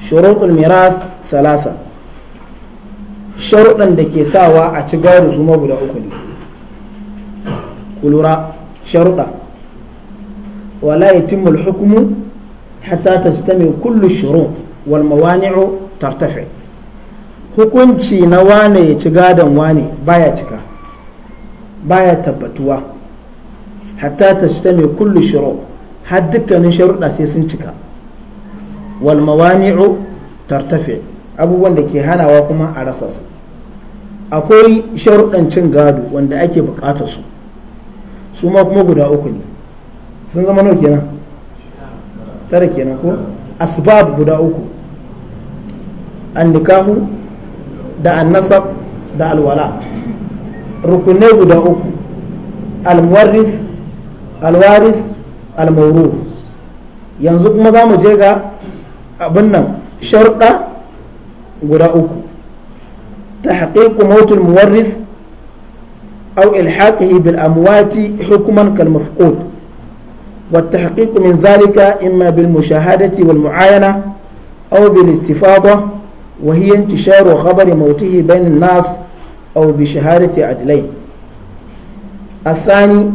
شروط الميراث ثلاثة شروطا لكي ساوى اعتقال زمو بلا أكل kulura sharuɗa wala yatimmul hukmu hatta tastami kullu shurut wal mawani'u hukunci na wane ya ci gadon wane baya cika baya tabbatuwa hatta mai kullu shurut har dukkanin sharuɗa sai sun cika wal mawani'u abubuwan da ke hanawa kuma a rasa su akwai sharuɗan cin gado wanda ake buƙatar su su ma kuma guda uku ne sun zama nau kenan tara kenan ko asbab guda uku an nikahu da an nasab da alwala rukunai guda uku almuwarris alwaris almauruf yanzu kuma za mu je ga abin nan sharuɗa guda uku ta haƙiƙu mautul muwarris أو إلحاقه بالأموات حكما كالمفقود والتحقيق من ذلك إما بالمشاهدة والمعاينة أو بالاستفاضة وهي انتشار خبر موته بين الناس أو بشهادة عدلين الثاني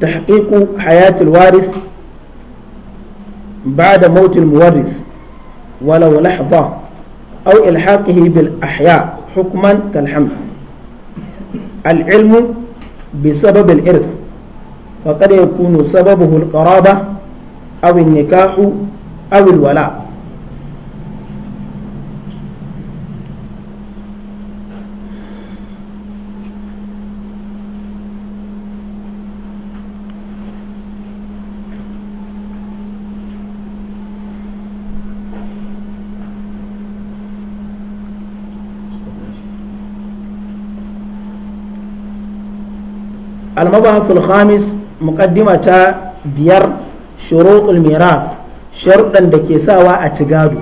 تحقيق حياة الوارث بعد موت المورث ولو لحظة أو إلحاقه بالأحياء حكما كالحمل العلم بسبب الإرث فقد يكون سببه القرابة أو النكاح أو الولاء المبحث الخامس مقدمة بير شروط الميراث شرطا دكي ساوا اتقادو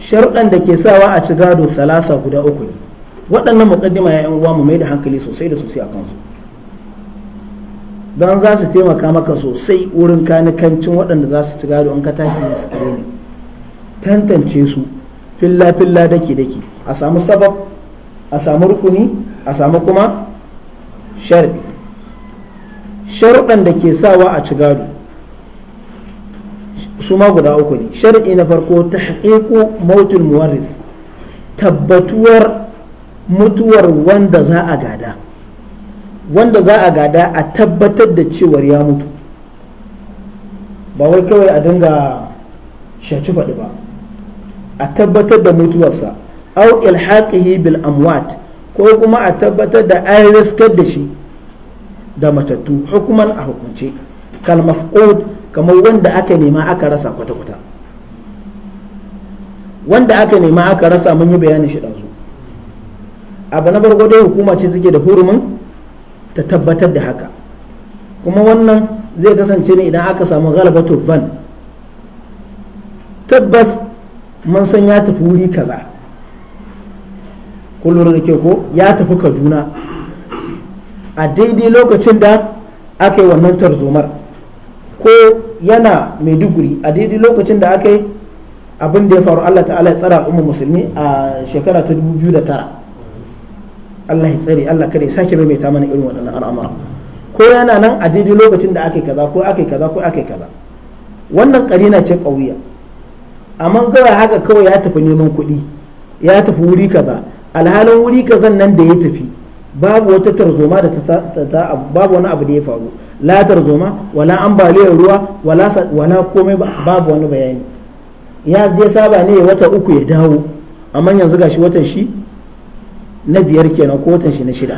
شرطا دكي ساوا اتقادو ثلاثة قدا أكل وأنا مقدمة يا أموام ميدا هنكلي سوسي سوسيا أكنسو don za su taimaka maka sosai wurin kanikancin waɗanda za su ci gado an ka tafi ne su ne tantance su filla-filla dake-dake a samu sabab a samu rukuni a samu kuma sharbi sharuɗan da ke sawa a ci gado su ma guda uku ne shar'i na farko ta haƙiƙo mautul muwarris tabbatuwar mutuwar wanda za a gada wanda za a gada a tabbatar da cewar ya mutu ba wai kawai a dinga shaci faɗi ba a tabbatar da mutuwarsa au ilhaqihi bil amwat ko kuma a tabbatar da an riskar da shi da matattu hukuman a hukunce kalmar kamar wanda aka nema aka rasa kwata kwata wanda aka nema aka rasa mun yi bayanin shi ɗansu abu na farko dai hukuma ce take da hurumin ta tabbatar da haka kuma wannan zai kasance ne idan aka samu galabatul van tabbas mun san ya tafi wuri kaza kullum da ke ko ya tafi kaduna a daidai lokacin da aka yi wannan tarzomar ko yana maiduguri a daidai lokacin da aka yi abin da ya faru Allah ta'ala ya tsara al'ummar musulmi a shekara ta 2009 Allah ya tsare Allah kada ya sake maimaita mana irin waɗannan al'amura ko yana nan a daidai lokacin da aka yi kaza ko aka yi kaza ko aka yi kaza wannan karina ce ƙauya amma gawa haka kawai ya tafi neman kuɗi ya tafi wuri kaza alhalin wuri kazan nan da ya tafi babu wata tarzoma da ta babu wani abu da ya faru la tarzoma wala ambaliyar ruwa wala wala komai babu wani bayani ya je saba ne wata uku ya dawo amma yanzu gashi watan shi na biyar kenan ko watan shi na shida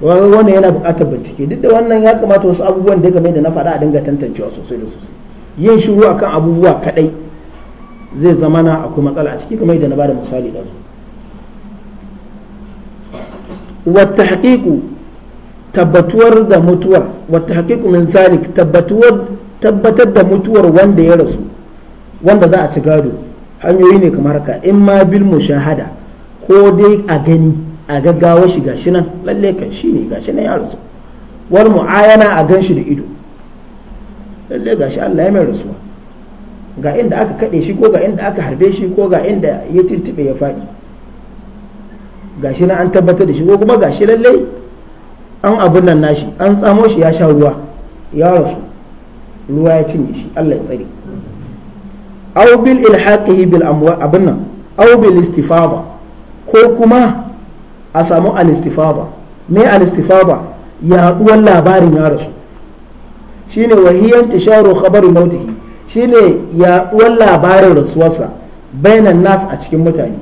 wannan yana buƙatar bincike duk da wannan ya kamata wasu abubuwan da game da na faɗa a dinga tantancewa sosai da sosai yin shiru akan abubuwa kadai zai zama na akwai matsala a ciki kamar yadda na bada misali da su wata haƙiƙu tabbatuwar da mutuwar wata haƙiƙu min zalik tabbatar da mutuwar wanda ya rasu wanda za a ci gado hanyoyi ne kamar ka, in ma bil mushahada ko dai a gani a gaggawa shi gashi nan lalle kan shi ne gashi nan ya rasu wal mu'ayana a gan shi da ido lalle gashi Allah ya mai rasuwa ga inda aka kaɗe shi ko ga inda aka harbe shi ko ga inda ya tiltibe ya faɗi gashi na an tabbatar da shi ko kuma gashi lallai an abun nan nashi an tsamo shi ya sha ruwa ya rasu ruwa ya cinye shi Allah ya tsare aw bil ilhaqihi bil amwa abun nan aw bil istifada ko kuma a samu al istifada me al istifada yaduwar labarin ya rasu shine wahiyan tisharu khabari mautihi shine yaduwar labarin rasuwarsa bainan nas a cikin mutane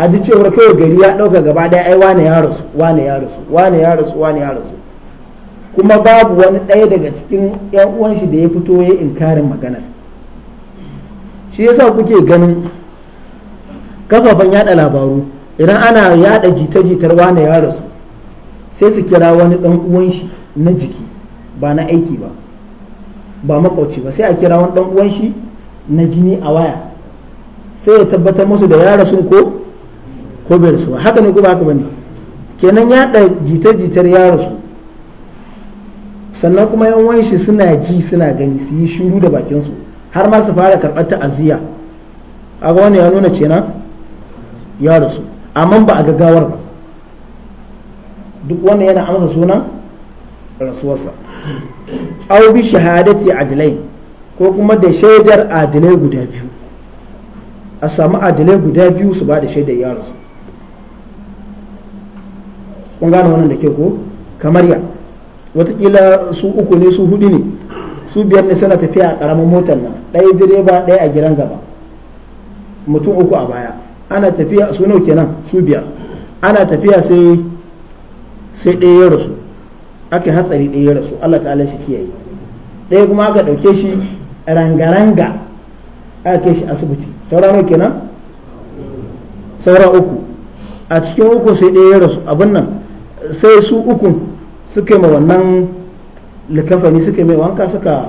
a ji cewar kawai gari ya ɗauka gaba ɗaya ai wane ya rasu wane ya rasu wane ya rasu wane ya rasu kuma babu wani ɗaya daga cikin yan uwan shi da ya fito ya inkarin magana shi yasa kuke ganin kafafen yaɗa labaru idan ana yaɗa jita-jitar wane ya rasu sai su kira wani ɗan uwan shi na jiki ba na aiki ba ba makwauci ba sai a kira wani ɗan uwan shi na jini a waya sai ya tabbatar musu da ya rasu ko ko bai rasu ba haka ne ko ba haka bane kenan ya da jita-jitar ya rasu sannan kuma yan wanshi suna ji suna gani su yi shiru da bakin su har ma su fara karɓar ta'aziyya aga wani ya nuna cena ya rasu amma ba a gaggawar ba duk wanda yana amsa suna rasuwarsa au bi shahadati adilai ko kuma da shaidar adilai guda biyu a samu adilai guda biyu su ba da shaidar rasu. kun gane wannan da ke ko kamar ya watakila su uku ne su hudu ne su biyar ne suna tafiya a karamin motar nan ɗaya direba ɗaya a gidan gaba mutum uku a baya ana tafiya su nau kenan su biyar ana tafiya sai sai ɗaya ya rasu aka hatsari ɗaya ya rasu Allah ta'ala shi kiyaye ɗaya kuma aka ɗauke shi rangaranga aka kai shi asibiti saura nau kenan saura uku a cikin uku sai ɗaya ya rasu abin nan sai su uku suka ma wannan likafani suka mai wanka suka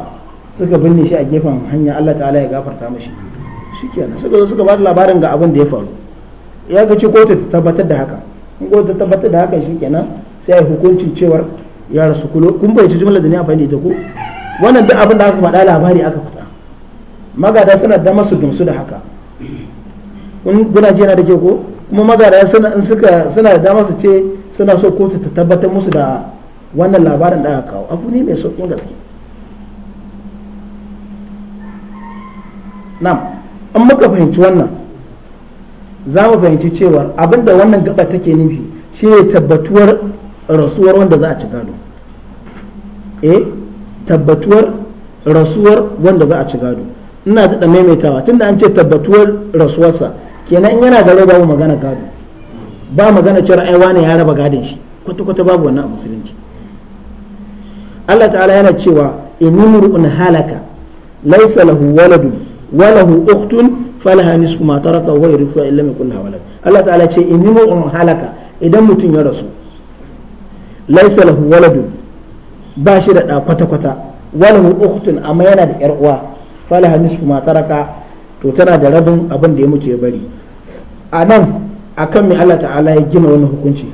suka binne shi a gefen hanya Allah ta'ala ya gafarta mashi shikenan suka zo suka ba da labarin ga abin da ya faru ya ga ci kotu ta tabbatar da haka in kotu ta tabbatar da haka shi nan sai ya hukunci cewar ya rasu kulo kun bai ci jumlar da ni amfani da ko wannan duk abin da aka faɗa labari aka fita magada suna da masu dumsu da haka kun guna ji yana da ke ko kuma magada suna in suka suna da dama su ce suna so kotu ta tabbatar musu da wannan labarin da aka kawo abu ne mai sauƙin gaske nam an muka fahimci wannan za mu fahimci cewar abinda wannan gaba take nufi shi ne tabbatuwar rasuwar wanda za a ci gado eh tabbatuwar rasuwar wanda za a ci gado ina da maimaitawa tunda an ce tabbatuwar rasuwarsa kenan yana da rai babu magana gado ba magana cewa ai wane ya raba gadin shi kwata kwata babu wannan a musulunci Allah ta'ala yana cewa in halaka laysa lahu waladun wa lahu ukhtun falaha nisfu ma taraka wa yarithu illa min kulli walad Allah ta'ala ce in halaka idan mutum ya rasu laysa lahu waladun ba shi da kwata kwata wa lahu ukhtun amma yana da yar uwa falaha nisfu ma taraka to tana da rabin abin da ya mutu ya bari a nan akan mai Allah ta'ala ya gina wani hukunci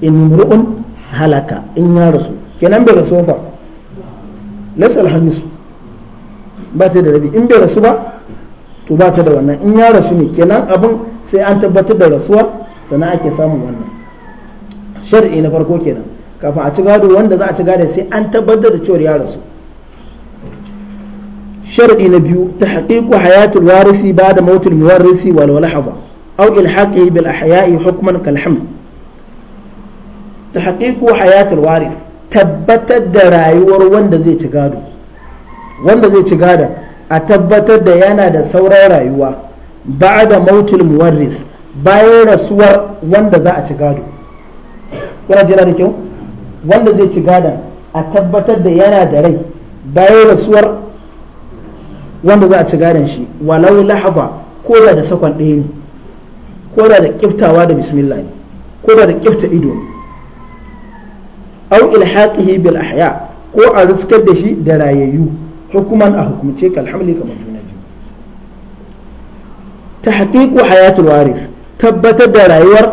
in ru'un halaka in ya rasu kenan bai rasu ba lasal hamisu ba ta da rabi in bai rasu ba to ba ta da wannan in ya rasu ne kenan abin sai an tabbatar da rasuwa sannan ake samun wannan shar'i na farko kenan kafin a ci gado wanda za a ci gado sai an tabbatar da cewar ya rasu shar'i na biyu ta tahqiqu hayatul warisi ba da mautul muwarrisi wal walhaza أو إلحاقه بالأحياء حكما كالحمل تحقيق حياة الوارث tabbatar da rayuwar wanda zai ci gado wanda zai ci a tabbatar da yana da sauran rayuwa ba da mautul muwarris bayan rasuwar wanda za a ci gado kuna jira da kyau wanda zai ci a tabbatar da yana da rai bayan rasuwar wanda za a ci gadon shi walau lahaba ko da da sakon ɗaya ne ko da kiftawa da bismillah ne ko da kifta ido ne au ilhaqihi bil ahya ko a riskar da shi da rayayyu hukuman a hukumce ka alhamli kamar juna biyu ta hayatul waris tabbatar da rayuwar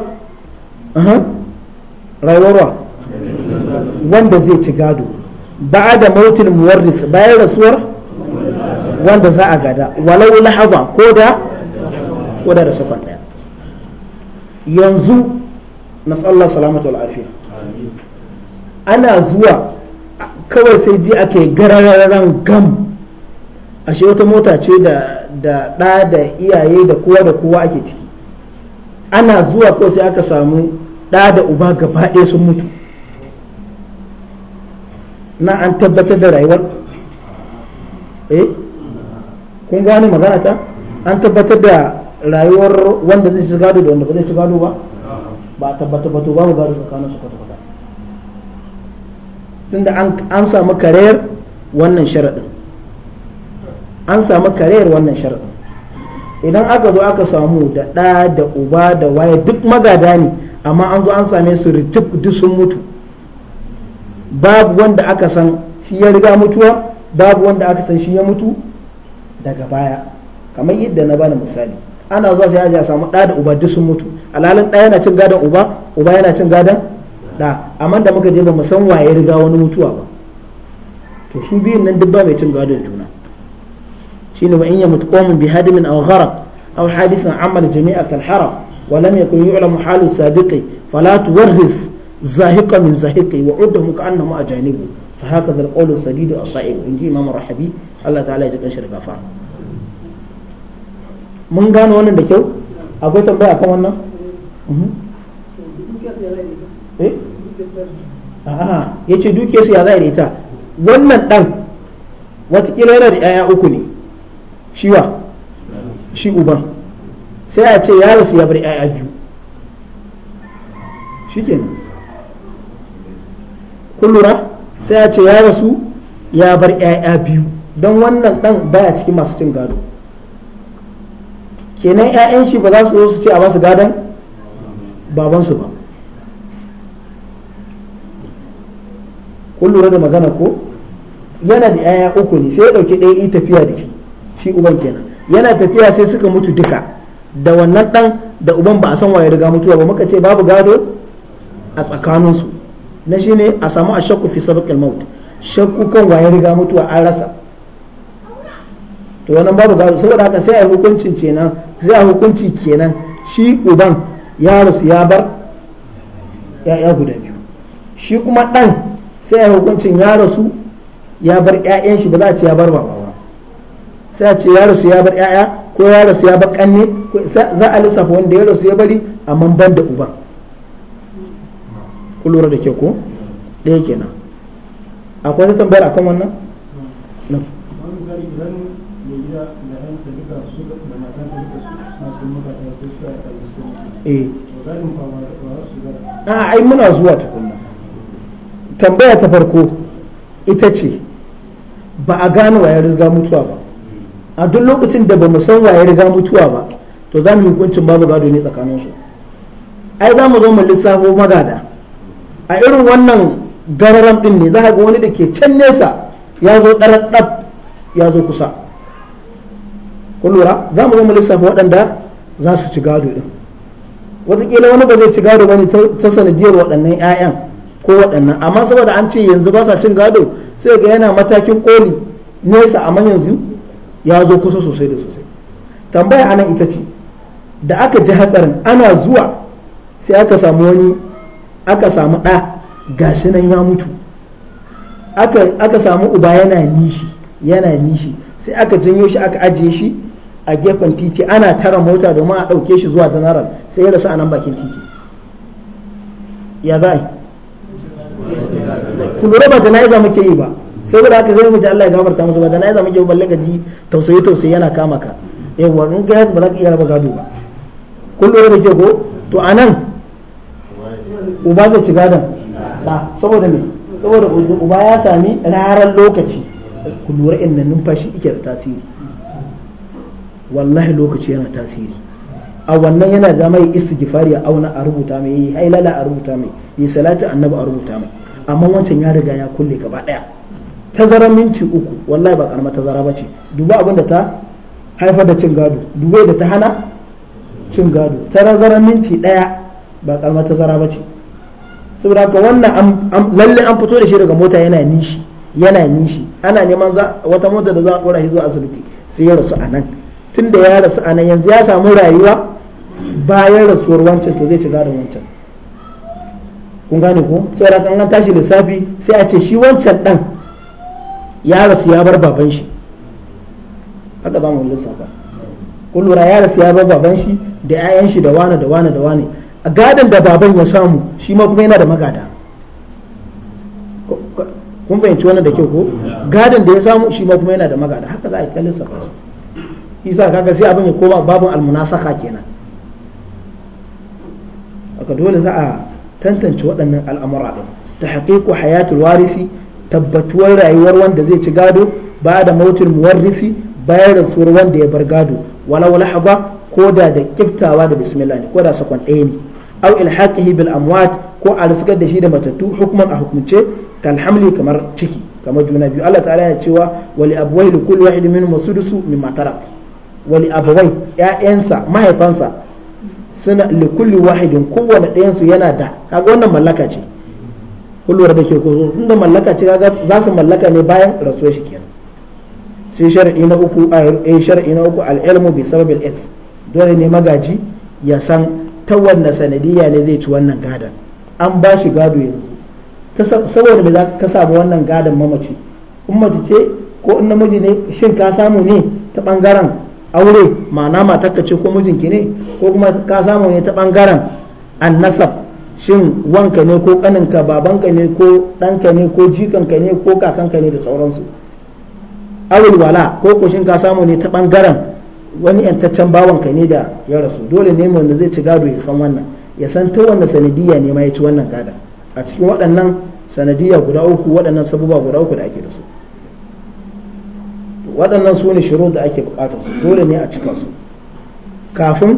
rayuwarwa wanda zai ci gado ba da mautin muwarris bayan rasuwar wanda za a gada walau lahaza ko da ko da sakon yanzu nasallar salamatu al'afiya ana zuwa kawai sai ji ake garararren gam ashe wata mota ce da da ɗa da iyaye da kowa da kowa ake ciki ana zuwa kawai sai aka samu ɗa da uba gaba ɗaya sun mutu na an tabbatar da rayuwar eh kun gane magana ta an tabbatar da rayuwar wanda zai ci gado da wanda ba zai ci gado ba ba tabbata ba to babu gado tsakanin su kwata kwata tunda an samu karayar wannan sharaɗin an samu karayar wannan sharaɗin idan aka zo aka samu da ɗa da uba da waye duk magada ne amma an zo an same su ritif duk sun mutu babu wanda aka san shi ya riga mutuwa babu wanda aka san shi ya mutu daga baya kamar yadda na bani misali ana zuwa sai aje a samu ɗa da uba duk sun mutu alhalin ɗa yana cin gadon uba uba yana cin gadon ɗa amma da muka je ba mu san waye riga wani mutuwa ba to su biyun nan duk ba mai cin gadon juna shine wa in ya mutu qawmun bi hadimin aw gharq aw hadithan amal jami'a kal haram wa lam yakun yu'lamu halu sadiqi fala tuwarris zahiqa min zahiqi wa uddahu ka'annahu ajanibu fa hakadha al-qawlu sadid as-sa'ib inji imam rahabi Allah ta'ala ya ji kan shirka fa mun gano wannan da kyau akwai tambaya kan wannan mhm. eh? ya ce dukiyarsu ya za da ita wannan dan watakila yana da 'ya'ya uku ne shi wa shi uban sai a ce ya rasu ya bar 'ya'ya biyu shi ke kun lura sai a ce ya rasu ya bar 'ya'ya biyu don wannan dan baya cikin masu cin gado kenan 'ya'yan shi ba za su zo su ce a basu gadon babansu ba kun lura da magana ko yana da 'ya'ya uku ne sai ya ɗauki ɗaya yi tafiya da shi shi uban kenan yana tafiya sai suka mutu duka da wannan ɗan da uban ba a san waye riga mutuwa ba muka ce babu gado a tsakaninsu na shine a samu a shakku fi sabakil maut shakku kan waye riga mutuwa an rasa to wannan babu gado saboda haka sai a hukuncin kenan sai a hukunci kenan shi uban ya rasu ya bar ya'ya guda biyu shi kuma dan sai a hukuncin ya rasu ya bar ƴaƴan shi ba za a ce ya bar baba ba sai a ce ya rasu ya bar ƴaƴa ko ya rasu ya bar kanne za a lissafa wanda ya rasu ya bari amma ban da uban ku lura da ke ko ɗaya kenan akwai ta tambayar akan wannan na a ai eh. ah, muna zuwa tukunna tambaya ta farko ita ce ba a gano wa riga mutuwa ba a duk lokacin da ba mu san wa riga mutuwa ba to za mu yi hukuncin babu gado ne tsakanin su ai za mu zo mu lissafo magada a irin wannan gararan din ne za ka ga wani da ke can nesa ya zo ɗarar ya zo kusa kun lura za mu zama lissafa waɗanda za su ci gado din wataƙila wani ba zai ci gado ba ne ta sanadiyar waɗannan 'ya'yan ko waɗannan amma saboda an ce yanzu ba sa cin gado sai ga yana matakin koli nesa amma yanzu ya zo kusa sosai da sosai tambaya anan ita ce da aka ji hatsarin ana zuwa sai aka samu wani aka samu ɗa gashi nan ya mutu aka samu uba yana nishi yana nishi sai aka janyo shi aka ajiye shi a gefen titi ana tara mota domin a ɗauke shi zuwa janaral sai ya rasu a nan bakin titi ya zai ku lura ba jana'iza muke yi ba sai guda aka zai muke Allah ya gafarta musu ba jana'iza muke yi balle gaji tausayi tausayi yana kama ka yawwa in ga ba za ka iya raba gado ba kun lura da ke ko to a nan uba zai ci gadon ba saboda me saboda uba ya sami rarar lokaci ku lura inda numfashi ike da tasiri wallahi lokaci yana tasiri a wannan yana da mai gifari a auna a rubuta mai yi hailala a rubuta mai yi salatu annabi a rubuta mai amma wancan ya riga ya kulle gaba daya tazarar minti uku wallahi ba karamar tazara ba ce duba abin da ta haifar da cin gado duba da ta hana cin gado tazarar minti daya ba karamar tazara ba ce saboda haka wannan lalle an fito da shi daga mota yana nishi yana nishi ana neman wata mota da za a kora shi zuwa asibiti sai ya rasu a nan tun da ya rasu a nan yanzu ya samu rayuwa bayan rasuwar wancan to zai ci gadon wancan kun gane ko saboda kan an tashi lissafi sai a ce shi wancan dan ya rasu ya bar baban shi haka za mu lissafa kun lura ya rasu ya bar baban shi da 'ya'yan shi da wane da wane da wane a gadin da baban ya samu shi ma kuma yana da magada kun fahimci wannan da kyau ko gadin da ya samu shi ma kuma yana da magada haka za a yi kallon sa isa kaga sai abin ya koma babin almunasaka kenan aka dole za a tantance waɗannan al'amura ɗin ta haƙiƙu hayatul warisi tabbatuwar rayuwar wanda zai ci gado ba da mautul muwarrisi bayan rasuwar wanda ya bar gado wala lahaba ko da da kiftawa da bismillah ne ko da sakon ɗaya ne au ilhaqihi bil amwat ko a riskar da shi da matattu hukuman a hukumce kal hamli kamar ciki kamar juna biyu Allah ta'ala ya cewa wali abwayhi kullu wahidin minhum sudusu mimma tarak wali abawai ‘ya'yansa mahaifansa suna likulli wahidin kowane ɗayansu yana da kaga wannan mallaka ce kullum da ke kozo inda mallaka ce kaga za su mallaka ne bayan rasuwar shi kenan sai shari'i na uku a eh, shari'i na uku al'ilmu bi sababil dole ne magaji ya san ta wanne sanadiyya ne zai ci wannan gadan an ba shi gado yanzu saboda me za ka samu wannan gadon mamaci in mace ce ko in namiji ne shin ka samu ne ta ɓangaren. aure ma'ana matarka ce ko mijinki ne ko kuma ka samu ne ta bangaren annasab shin wanka ne ko kaninka babanka ne ko ɗanka ne ko jikanka ne ko kakanka ne da sauransu awul wala ko ko shin ka samu ne ta bangaren wani yantaccen bawanka ne da ya rasu dole ne wanda zai ci gado ya san wannan ya san ta wanda sanadiyya ne ma ya ci wannan gada a cikin waɗannan sanadiyya guda uku waɗannan sabuba guda uku da ake da su waɗannan su ne shiru da ake buƙatar su dole ne a cika su kafin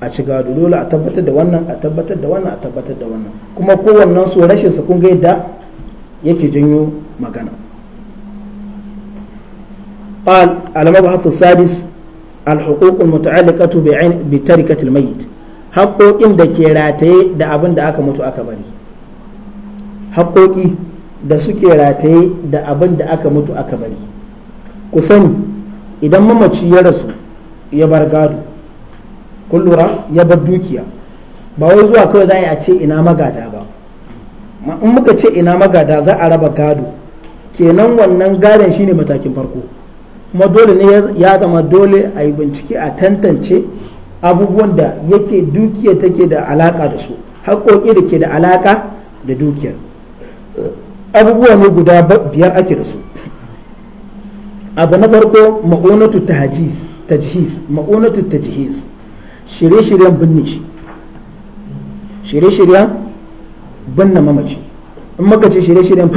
a ci gado dole a tabbatar da wannan a tabbatar da wannan a tabbatar da wannan kuma kowannen su rashin su kun ga yadda yake janyo magana قال المبحث السادس الحقوق المتعلقة بعين بتركة الميت haƙoƙin da ke rataye da abin da aka mutu aka bari haƙoƙi da suke rataye da abin da aka mutu aka bari ku sani idan mamaci ya rasu ya bar gado kun ya bar dukiya ba wai zuwa kawai za a yi a ce ina magada ba Ma in muka ce ina magada za a raba gado kenan wannan gadon shine matakin farko kuma dole ne ya zama dole a yi bincike a tantance abubuwan da yake dukiyar take da alaka da su haƙoƙi da ke da alaka da dukiyar abubuwa ne guda biyar ake da su abu na farko ma'unatu tajhis ma'unatu tajhis shirye-shiryen binne shi shirye-shiryen binne mamaci in maka ce shirye-shiryen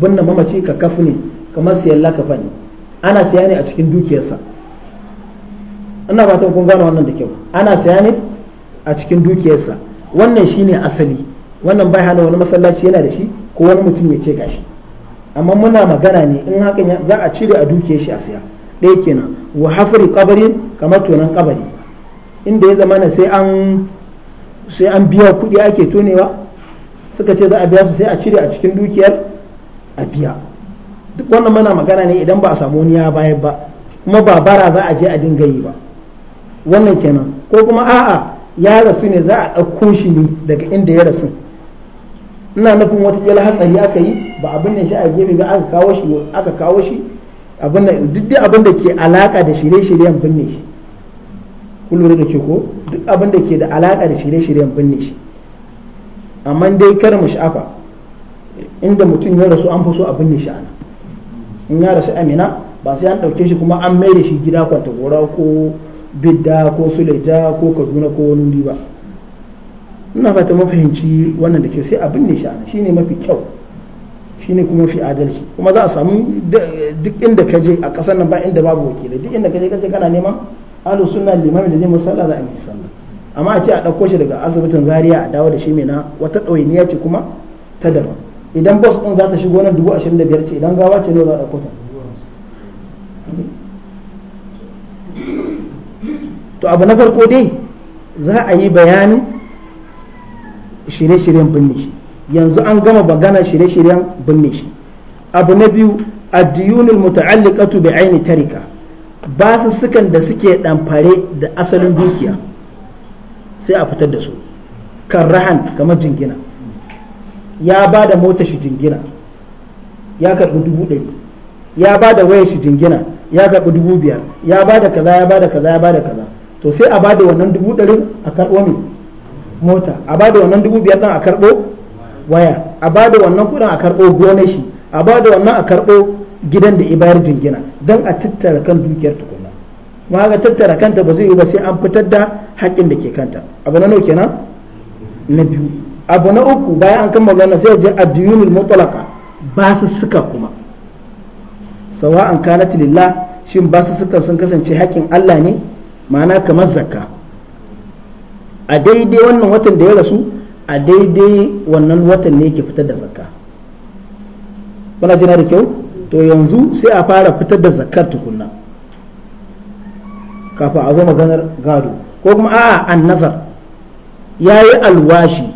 binne mamaci ka kafu ne kamar siyan lakafa ne ana siya ne a cikin dukiyarsa ina fatan kun gane wannan da kyau ana siya ne a cikin dukiyarsa wannan shine asali wannan bai hana wani masallaci yana da shi ko wani mutum ya ce gashi amma muna magana ne in hakan za a cire a dukiyar shi a siya ɗaya kenan wa hafari kabarin kamar tonan kabari inda ya zama na sai an sai an biya kuɗi ake tonewa suka ce za a biya su sai a cire a cikin dukiyar a biya duk wannan muna magana ne idan ba a samu wani baya ba kuma ba bara za a je a dinga yi ba wannan kenan ko kuma a'a ya rasu ne za a ɗauko shi ne daga inda ya rasu ina nufin wata hatsari aka yi ba abin da shi a gefe ba aka kawo shi aka kawo shi abin da duk da abin da ke alaka da shirye-shiryen binne shi kun da ke ko duk abin da ke da alaka da shirye-shiryen binne shi amma dai kar mu sha'afa inda mutum ya rasu an fi so a binne shi ana in ya rasu amina ba sai an ɗauke shi kuma an mai da shi gida kwanta gora ko bidda ko suleja ko kaduna ko wani ba ina fata mafahimci wannan da kyau sai abin ne sha'ana shine mafi kyau shine kuma fi adalci kuma za a samu duk inda ka je a ƙasar nan ba inda babu wakilai duk inda ka je kaje kana neman ahlu sunna limamin da zai musu sallah za a yi sallah amma a ce a ɗauko shi daga asibitin zaria a dawo da shi mai na wata ɗawainiya ce kuma ta daban idan bus ɗin za ta shigo nan dubu ashirin da biyar ce idan gawa ce ne za a ɗauko ta to abu na farko dai za a yi bayanin shirye-shiryen binne shi yanzu an gama bagana shirye-shiryen binne shi abu na biyu addiyunul muta'alliqatu bi aini tarika basu sukan da suke damfare da asalin dukiya sai a fitar da su kan rahan kamar jingina ya ba da mota shi jingina ya karɓi dubu ɗari ya ba da waya shi jingina ya karɓi dubu biyar ya ba da kaza ya ba da kaza ya ba da kaza to sai a ba da wannan dubu ɗarin a karɓo mai mota a ba da wannan dubu biyar ɗin a karɓo waya a ba da wannan kuɗin a karɓo gonar shi a ba da wannan a karɓo gidan da ibayar jingina don a tattara kan dukiyar tukuna ma ga tattara kanta ba zai yi ba sai an fitar da haƙƙin da ke kanta abu na nauke na na biyu abu na uku bayan an kammala wannan sai je addiyunul mutalaka ba su suka kuma sawa an kanat lillah shin ba su suka sun kasance haƙƙin Allah ne ma'ana kamar zakka a daidai wannan watan da ya rasu a daidai wannan watan ne ke fitar da zakka kuna jina da kyau to yanzu sai a fara fitar da zakkar tukunna kafin a zo maganar gado ko kuma a'a an nazar ya yi alwashi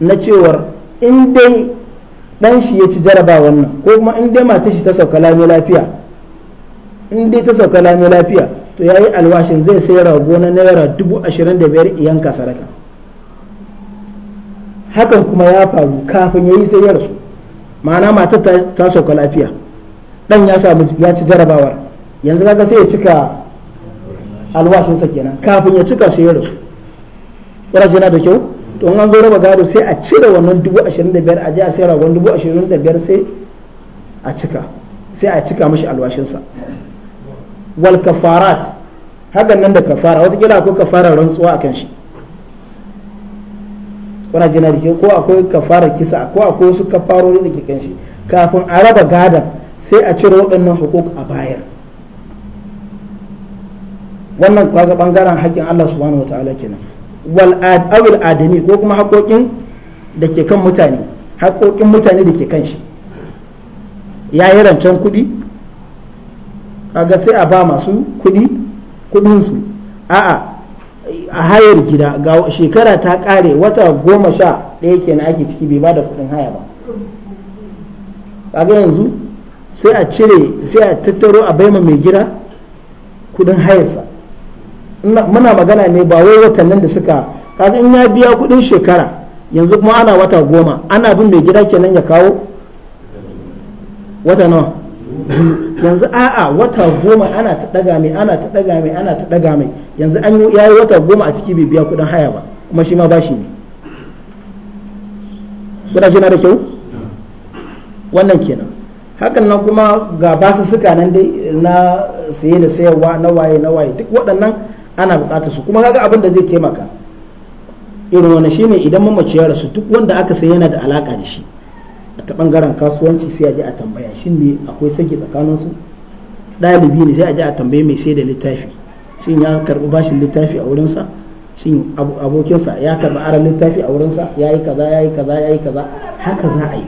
na cewar in dai dan shi ya ci jaraba wannan ko kuma in dai mata shi ta sauka lami lafiya in dai ta sauka lami lafiya to ya yi alwashin zai sai rago na naira dubu ashirin da biyar yanka sadaka hakan kuma ya faru kafin ya yi sai ya rasu ma'ana matar ta sauka lafiya dan ya samu ya ci jarabawar yanzu kaga sai ya cika alwashinsa kenan kafin ya cika sai ya rasu ƙwarar yana da kyau to an zo raba gado sai a cire wannan dubu ashirin da biyar a je a sai ragon dubu ashirin da biyar sai a cika sai a cika mashi alwashinsa wal kafarat hakan nan da kafara kila akwai kafara rantsuwa a shi kuna jina da ke ko akwai kafara kisa ko akwai wasu kafarori da ke kan shi kafin a raba gadan sai a cire waɗannan hukuk a bayar wannan kaga bangaren haƙƙin Allah subhanahu ta'ala kenan wal awil adami ko kuma haƙoƙin da ke kan mutane haƙoƙin mutane da ke kan shi ya yi rancen kuɗi kaga sai a ba masu kuɗi kuɗinsu a'a a hayar gida ga shekara ta kare wata goma sha ɗaya kenan ake ciki bai ba da kuɗin haya ba kaga yanzu sai a cire sai a tattaro a baima mai gida kuɗin hayarsa muna magana ne ba wai watannin da suka kaga in ya biya kuɗin shekara yanzu kuma ana wata goma ana bin mai gida kenan ya kawo wata nawa yanzu a'a wata goma ana ta daga mai ana ta daga mai ana ta daga mai yanzu an yayi wata goma a ciki bai biya kudin haya ba kuma shi ma bashi ne kuna na da kyau wannan kenan hakan nan kuma ga basu suka nan dai na saye da sayarwa na waye na waye duk waɗannan ana buƙatar su kuma kaga abin da zai taimaka irin wani shine idan mamaci ya rasu duk wanda aka sai yana da alaka da shi ta bangaren kasuwanci sai a je a tambaya shin ne akwai saki tsakanin su ɗalibi ne sai a je a tambaye mai sai da littafi shin ya karbi bashin littafi a wurinsa shin abokinsa ya karbi aran littafi a wurinsa ya yi kaza ya yi kaza ya yi kaza haka za a yi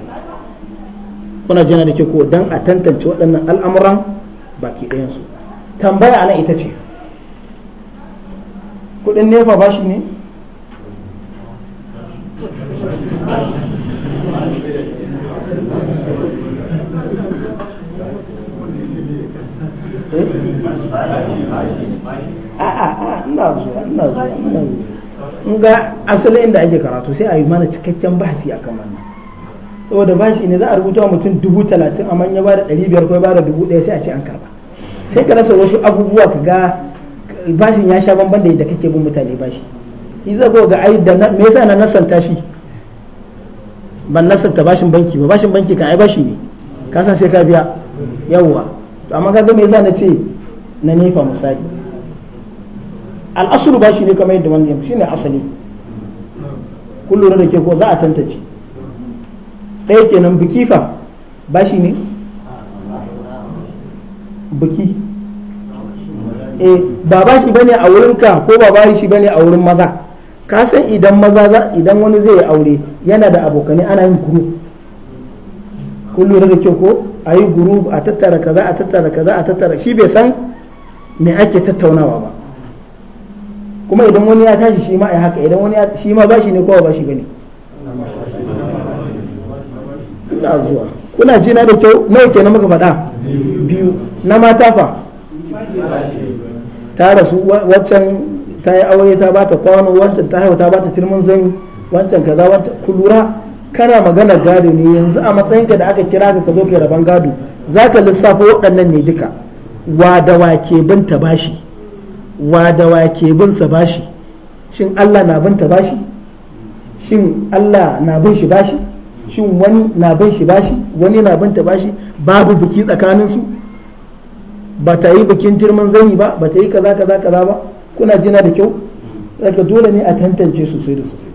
kuna jina da ke ko dan a tantance waɗannan al'amuran baki ɗayansu tambaya ana ita ce kuɗin nefa bashi ne a'a ina zuwa ina zuwa ina zuwa ga asali inda ake karatu sai a yi mana cikakken bahasi kan wannan saboda bashi ne za a rubuta wa mutum dubu talatin amma ba da ɗari biyar ko bada dubu ɗaya sai a ce an karba sai ka rasa wasu abubuwa ka ga bashin ya sha bamban da yadda kake bin mutane bashi shi zai ga ai da me yasa na nasanta shi ban nasanta bashin banki ba bashin banki kan ai bashi ne ka san sai ka biya yawwa to amma ka me yasa na ce na nefa misali al'asuru ba shi ne kamar yadda wani shi ne asali kun lura da ke ko za a tantace ɗaya kenan biki fa ba shi ne biki e ba ba shi bane a wurin ka ko ba ba shi bane a wurin maza ka san idan maza za idan wani zai aure yana da abokanai ana yin kuru kun lura da ke ko a yi gurub a tattara kaza a tattara kaza a tattara shi bai san me ake tattaunawa ba kuma idan wani ya tashi shi ma a haka idan wani shi ma bashi ne kowa bashi bane ina zuwa kuna jina da kyau nawa kenan muka faɗa biyu na mata fa ta rasu waccan ta yi aure ta bata kwano wancan ta haihu ta bata turmin zani wancan kaza wancan ku lura kana magana gado ne yanzu a matsayinka da aka kira ka zo kai rabon gado za ka lissafo waɗannan ne duka wa da wa ke bin ta bashi wa da wa ke bin sa bashi shin Allah na bin ta bashi shin Allah na bin shi bashi shin wani na bin shi bashi wani na bin ta bashi babu biki tsakanin su ba ta yi bikin girman zani ba ba ta yi kaza kaza kaza ba kuna jina da kyau daga dole ne a tantance sosai da sosai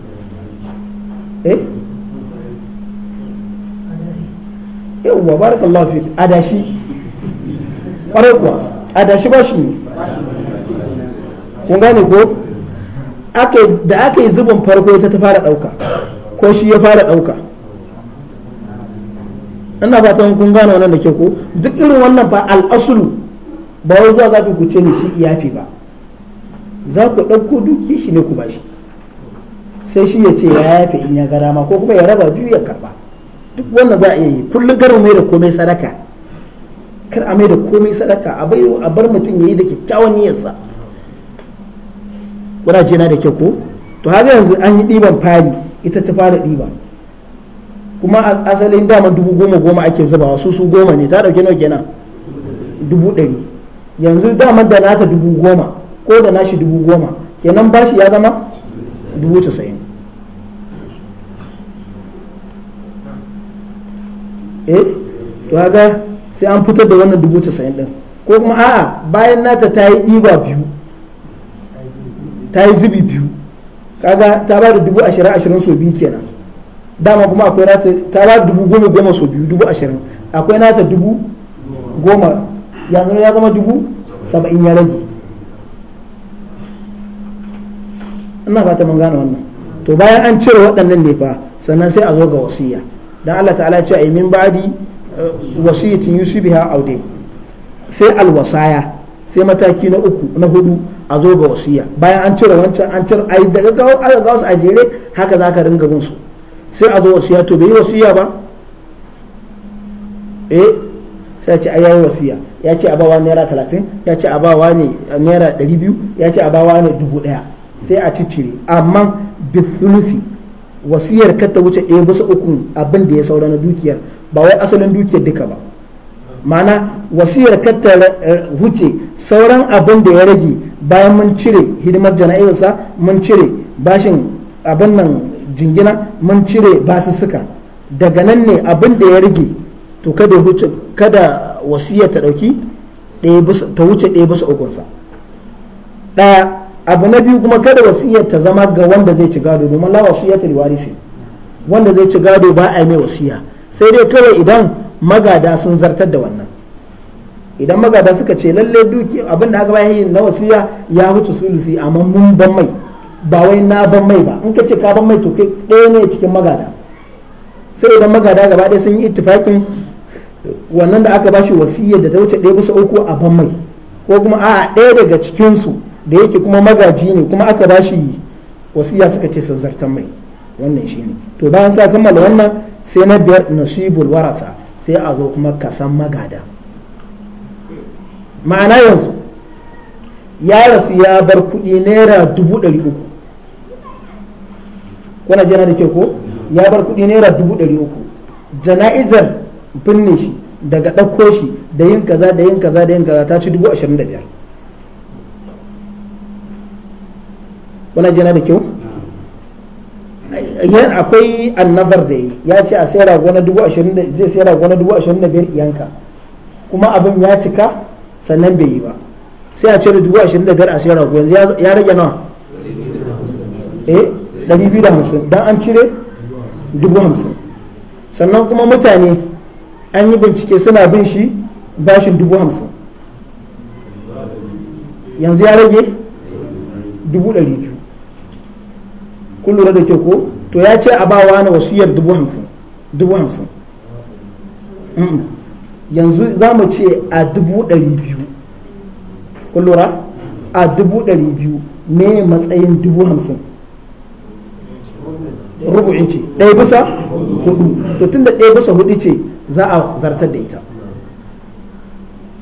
eh yawwa barakallahu fi adashi kwarai kuwa adashi ba shi ne kun gane ko da aka yi zubin farko ta ta fara ɗauka ko shi ya fara ɗauka ina fatan kun gane wannan da ke ko duk irin wannan ba al'asulu ba wai zuwa za ku kuce ne shi fi ba za ku ɗauko duki shi ne ku ba shi sai shi ya ce ya yafe in ya gara ma ko kuma ya raba biyu ya karba duk wannan za a iya yi kullum garin mai da komai sadaka kar a mai da komai sadaka a bar mutum ya yi da kyakkyawan niyyarsa kuraje na da kyau ko to haka yanzu an yi ɗiban fari ita ta fara ɗiba kuma asalin dama dubu goma goma ake zubawa su su goma ne ta dauke nawa kenan dubu ɗari yanzu dama da nata dubu goma ko da nashi dubu goma kenan bashi ya zama dubu casa'in eh to haka sai an fitar da wannan dubu casa'in din ko kuma a'a bayan nata ta yi ɗiba biyu ta yi zubi biyu kaga ta ba da dubu ashirin ashirin so biyu kenan dama kuma akwai nata ta ba da dubu goma goma so biyu dubu ashirin akwai nata dubu goma yanzu ya zama dubu saba'in ya rage ina fata mun gane wannan to bayan an cire waɗannan ne fa sannan sai a zo ga wasiya dan Allah ta'ala ya ce ai min ba'di uh, wasiyatin yusibiha aw dai sai alwasaya sai mataki na uku na hudu a zo ga wasiya bayan an cire wancan an cire ai daga gawo aka gawo su a jere haka zaka ringa bin su sai a zo wasiya to bai yi wasiya ba eh sai ce ai yayi wasiya ya ce a bawa naira talatin ya ce a bawa ne uh, naira ɗari biyu ya ce a bawa ne dubu ɗaya sai a ciccire amma thuluthi wasiyar ka ta wuce ɗaya bisa uku abin da ya saura na dukiyar ba wai asalin dukiyar duka ba ma'ana wasiyar ka ta eh, wuce sauran abin da ya rage bayan mun cire hidimar jana'izarsa mun cire bashin abin nan jingina mun cire basussuka daga nan ne abin da ya rage to kada wuce kada wasiyar ta ɗauki ta wuce ɗaya bisa ukunsa ɗaya abu na biyu kuma kada wasiyar ta zama ga wanda zai ci gado domin la wasiyar ta liwarisi wanda zai ci gado ba a yi mai wasiya sai dai kawai idan magada sun zartar da wannan idan magada suka ce lalle duki abin da aka bayan yin na wasiya ya huce sulusi amma mun ban mai ba wai na ban mai ba in ka ce ka ban mai to kai ɗaya ne cikin magada sai idan magada gaba ɗaya sun yi ittifakin wannan da aka bashi wasiyar da ta wuce ɗaya bisa uku a ban mai ko kuma a'a ɗaya daga cikinsu da yake kuma magaji ne kuma aka ba bashi wasiya suka ce sun zartan mai wannan shi ne to bayan ta kammala wannan sai na biyar nasibul warasa sai a zo kuma kasan magada ma'ana yanzu ya rasu ya bar kuɗi naira dubu ɗari uku kuna jana da ke ko ya bar kuɗi naira dubu ɗari uku jana'izar binne shi daga ɗauko shi da yin kaza da yin kaza da yin kaza ta ci dubu ashirin da biyar kuna jina da kyau akwai annabar da yi ya ce a sai rago na dubu ashirin da zai sai rago na dubu ashirin da biyar iyanka kuma abin ya cika sannan bai yi ba sai a cire dubu ashirin da biyar a sai rago yanzu ya rage nawa eh dari biyu da hamsin dan an cire dubu hamsin sannan kuma mutane an yi bincike suna bin shi bashin dubu hamsin yanzu ya rage dubu ɗari biyu kun lura da ke ko to ya ce a bawa na wasiyar dubu hamsin yanzu za mu ce a dubu ɗari biyu kun lura a dubu ɗari biyu ne matsayin dubu hamsin rubu'in ce ɗaya bisa hudu to tun da ɗaya bisa hudu ce za a zartar da ita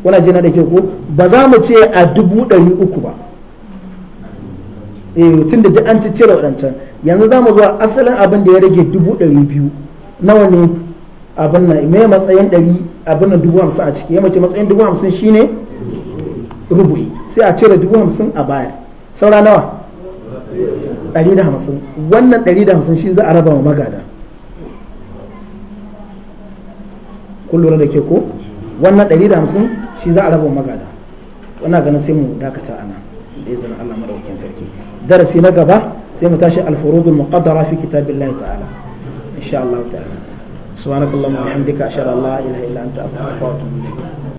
wana jina da ke ko ba za mu ce a dubu ɗari uku ba eh, tun da duk an ci cire waɗancan yanzu za mu zuwa asalin abin da ya rage dubu ɗari biyu nawa ne abin nan me matsayin ɗari abin nan dubu hamsin a ciki ya mace matsayin dubu hamsin shine rubu'i sai a cire dubu hamsin a baya saura nawa ɗari da hamsin wannan ɗari da hamsin shi za a raba wa magada kun da ke ko wannan ɗari da hamsin shi za a raba wa magada wannan ganin sai mu dakata ana da izinin Allah madaukakin sarki darasi na gaba سيما تاشي الفروض المقدرة في كتاب الله تعالى إن شاء الله تعالى سبحانك اللهم وبحمدك أشهد أن لا إله إلا أنت أستغفرك وأتوب إليك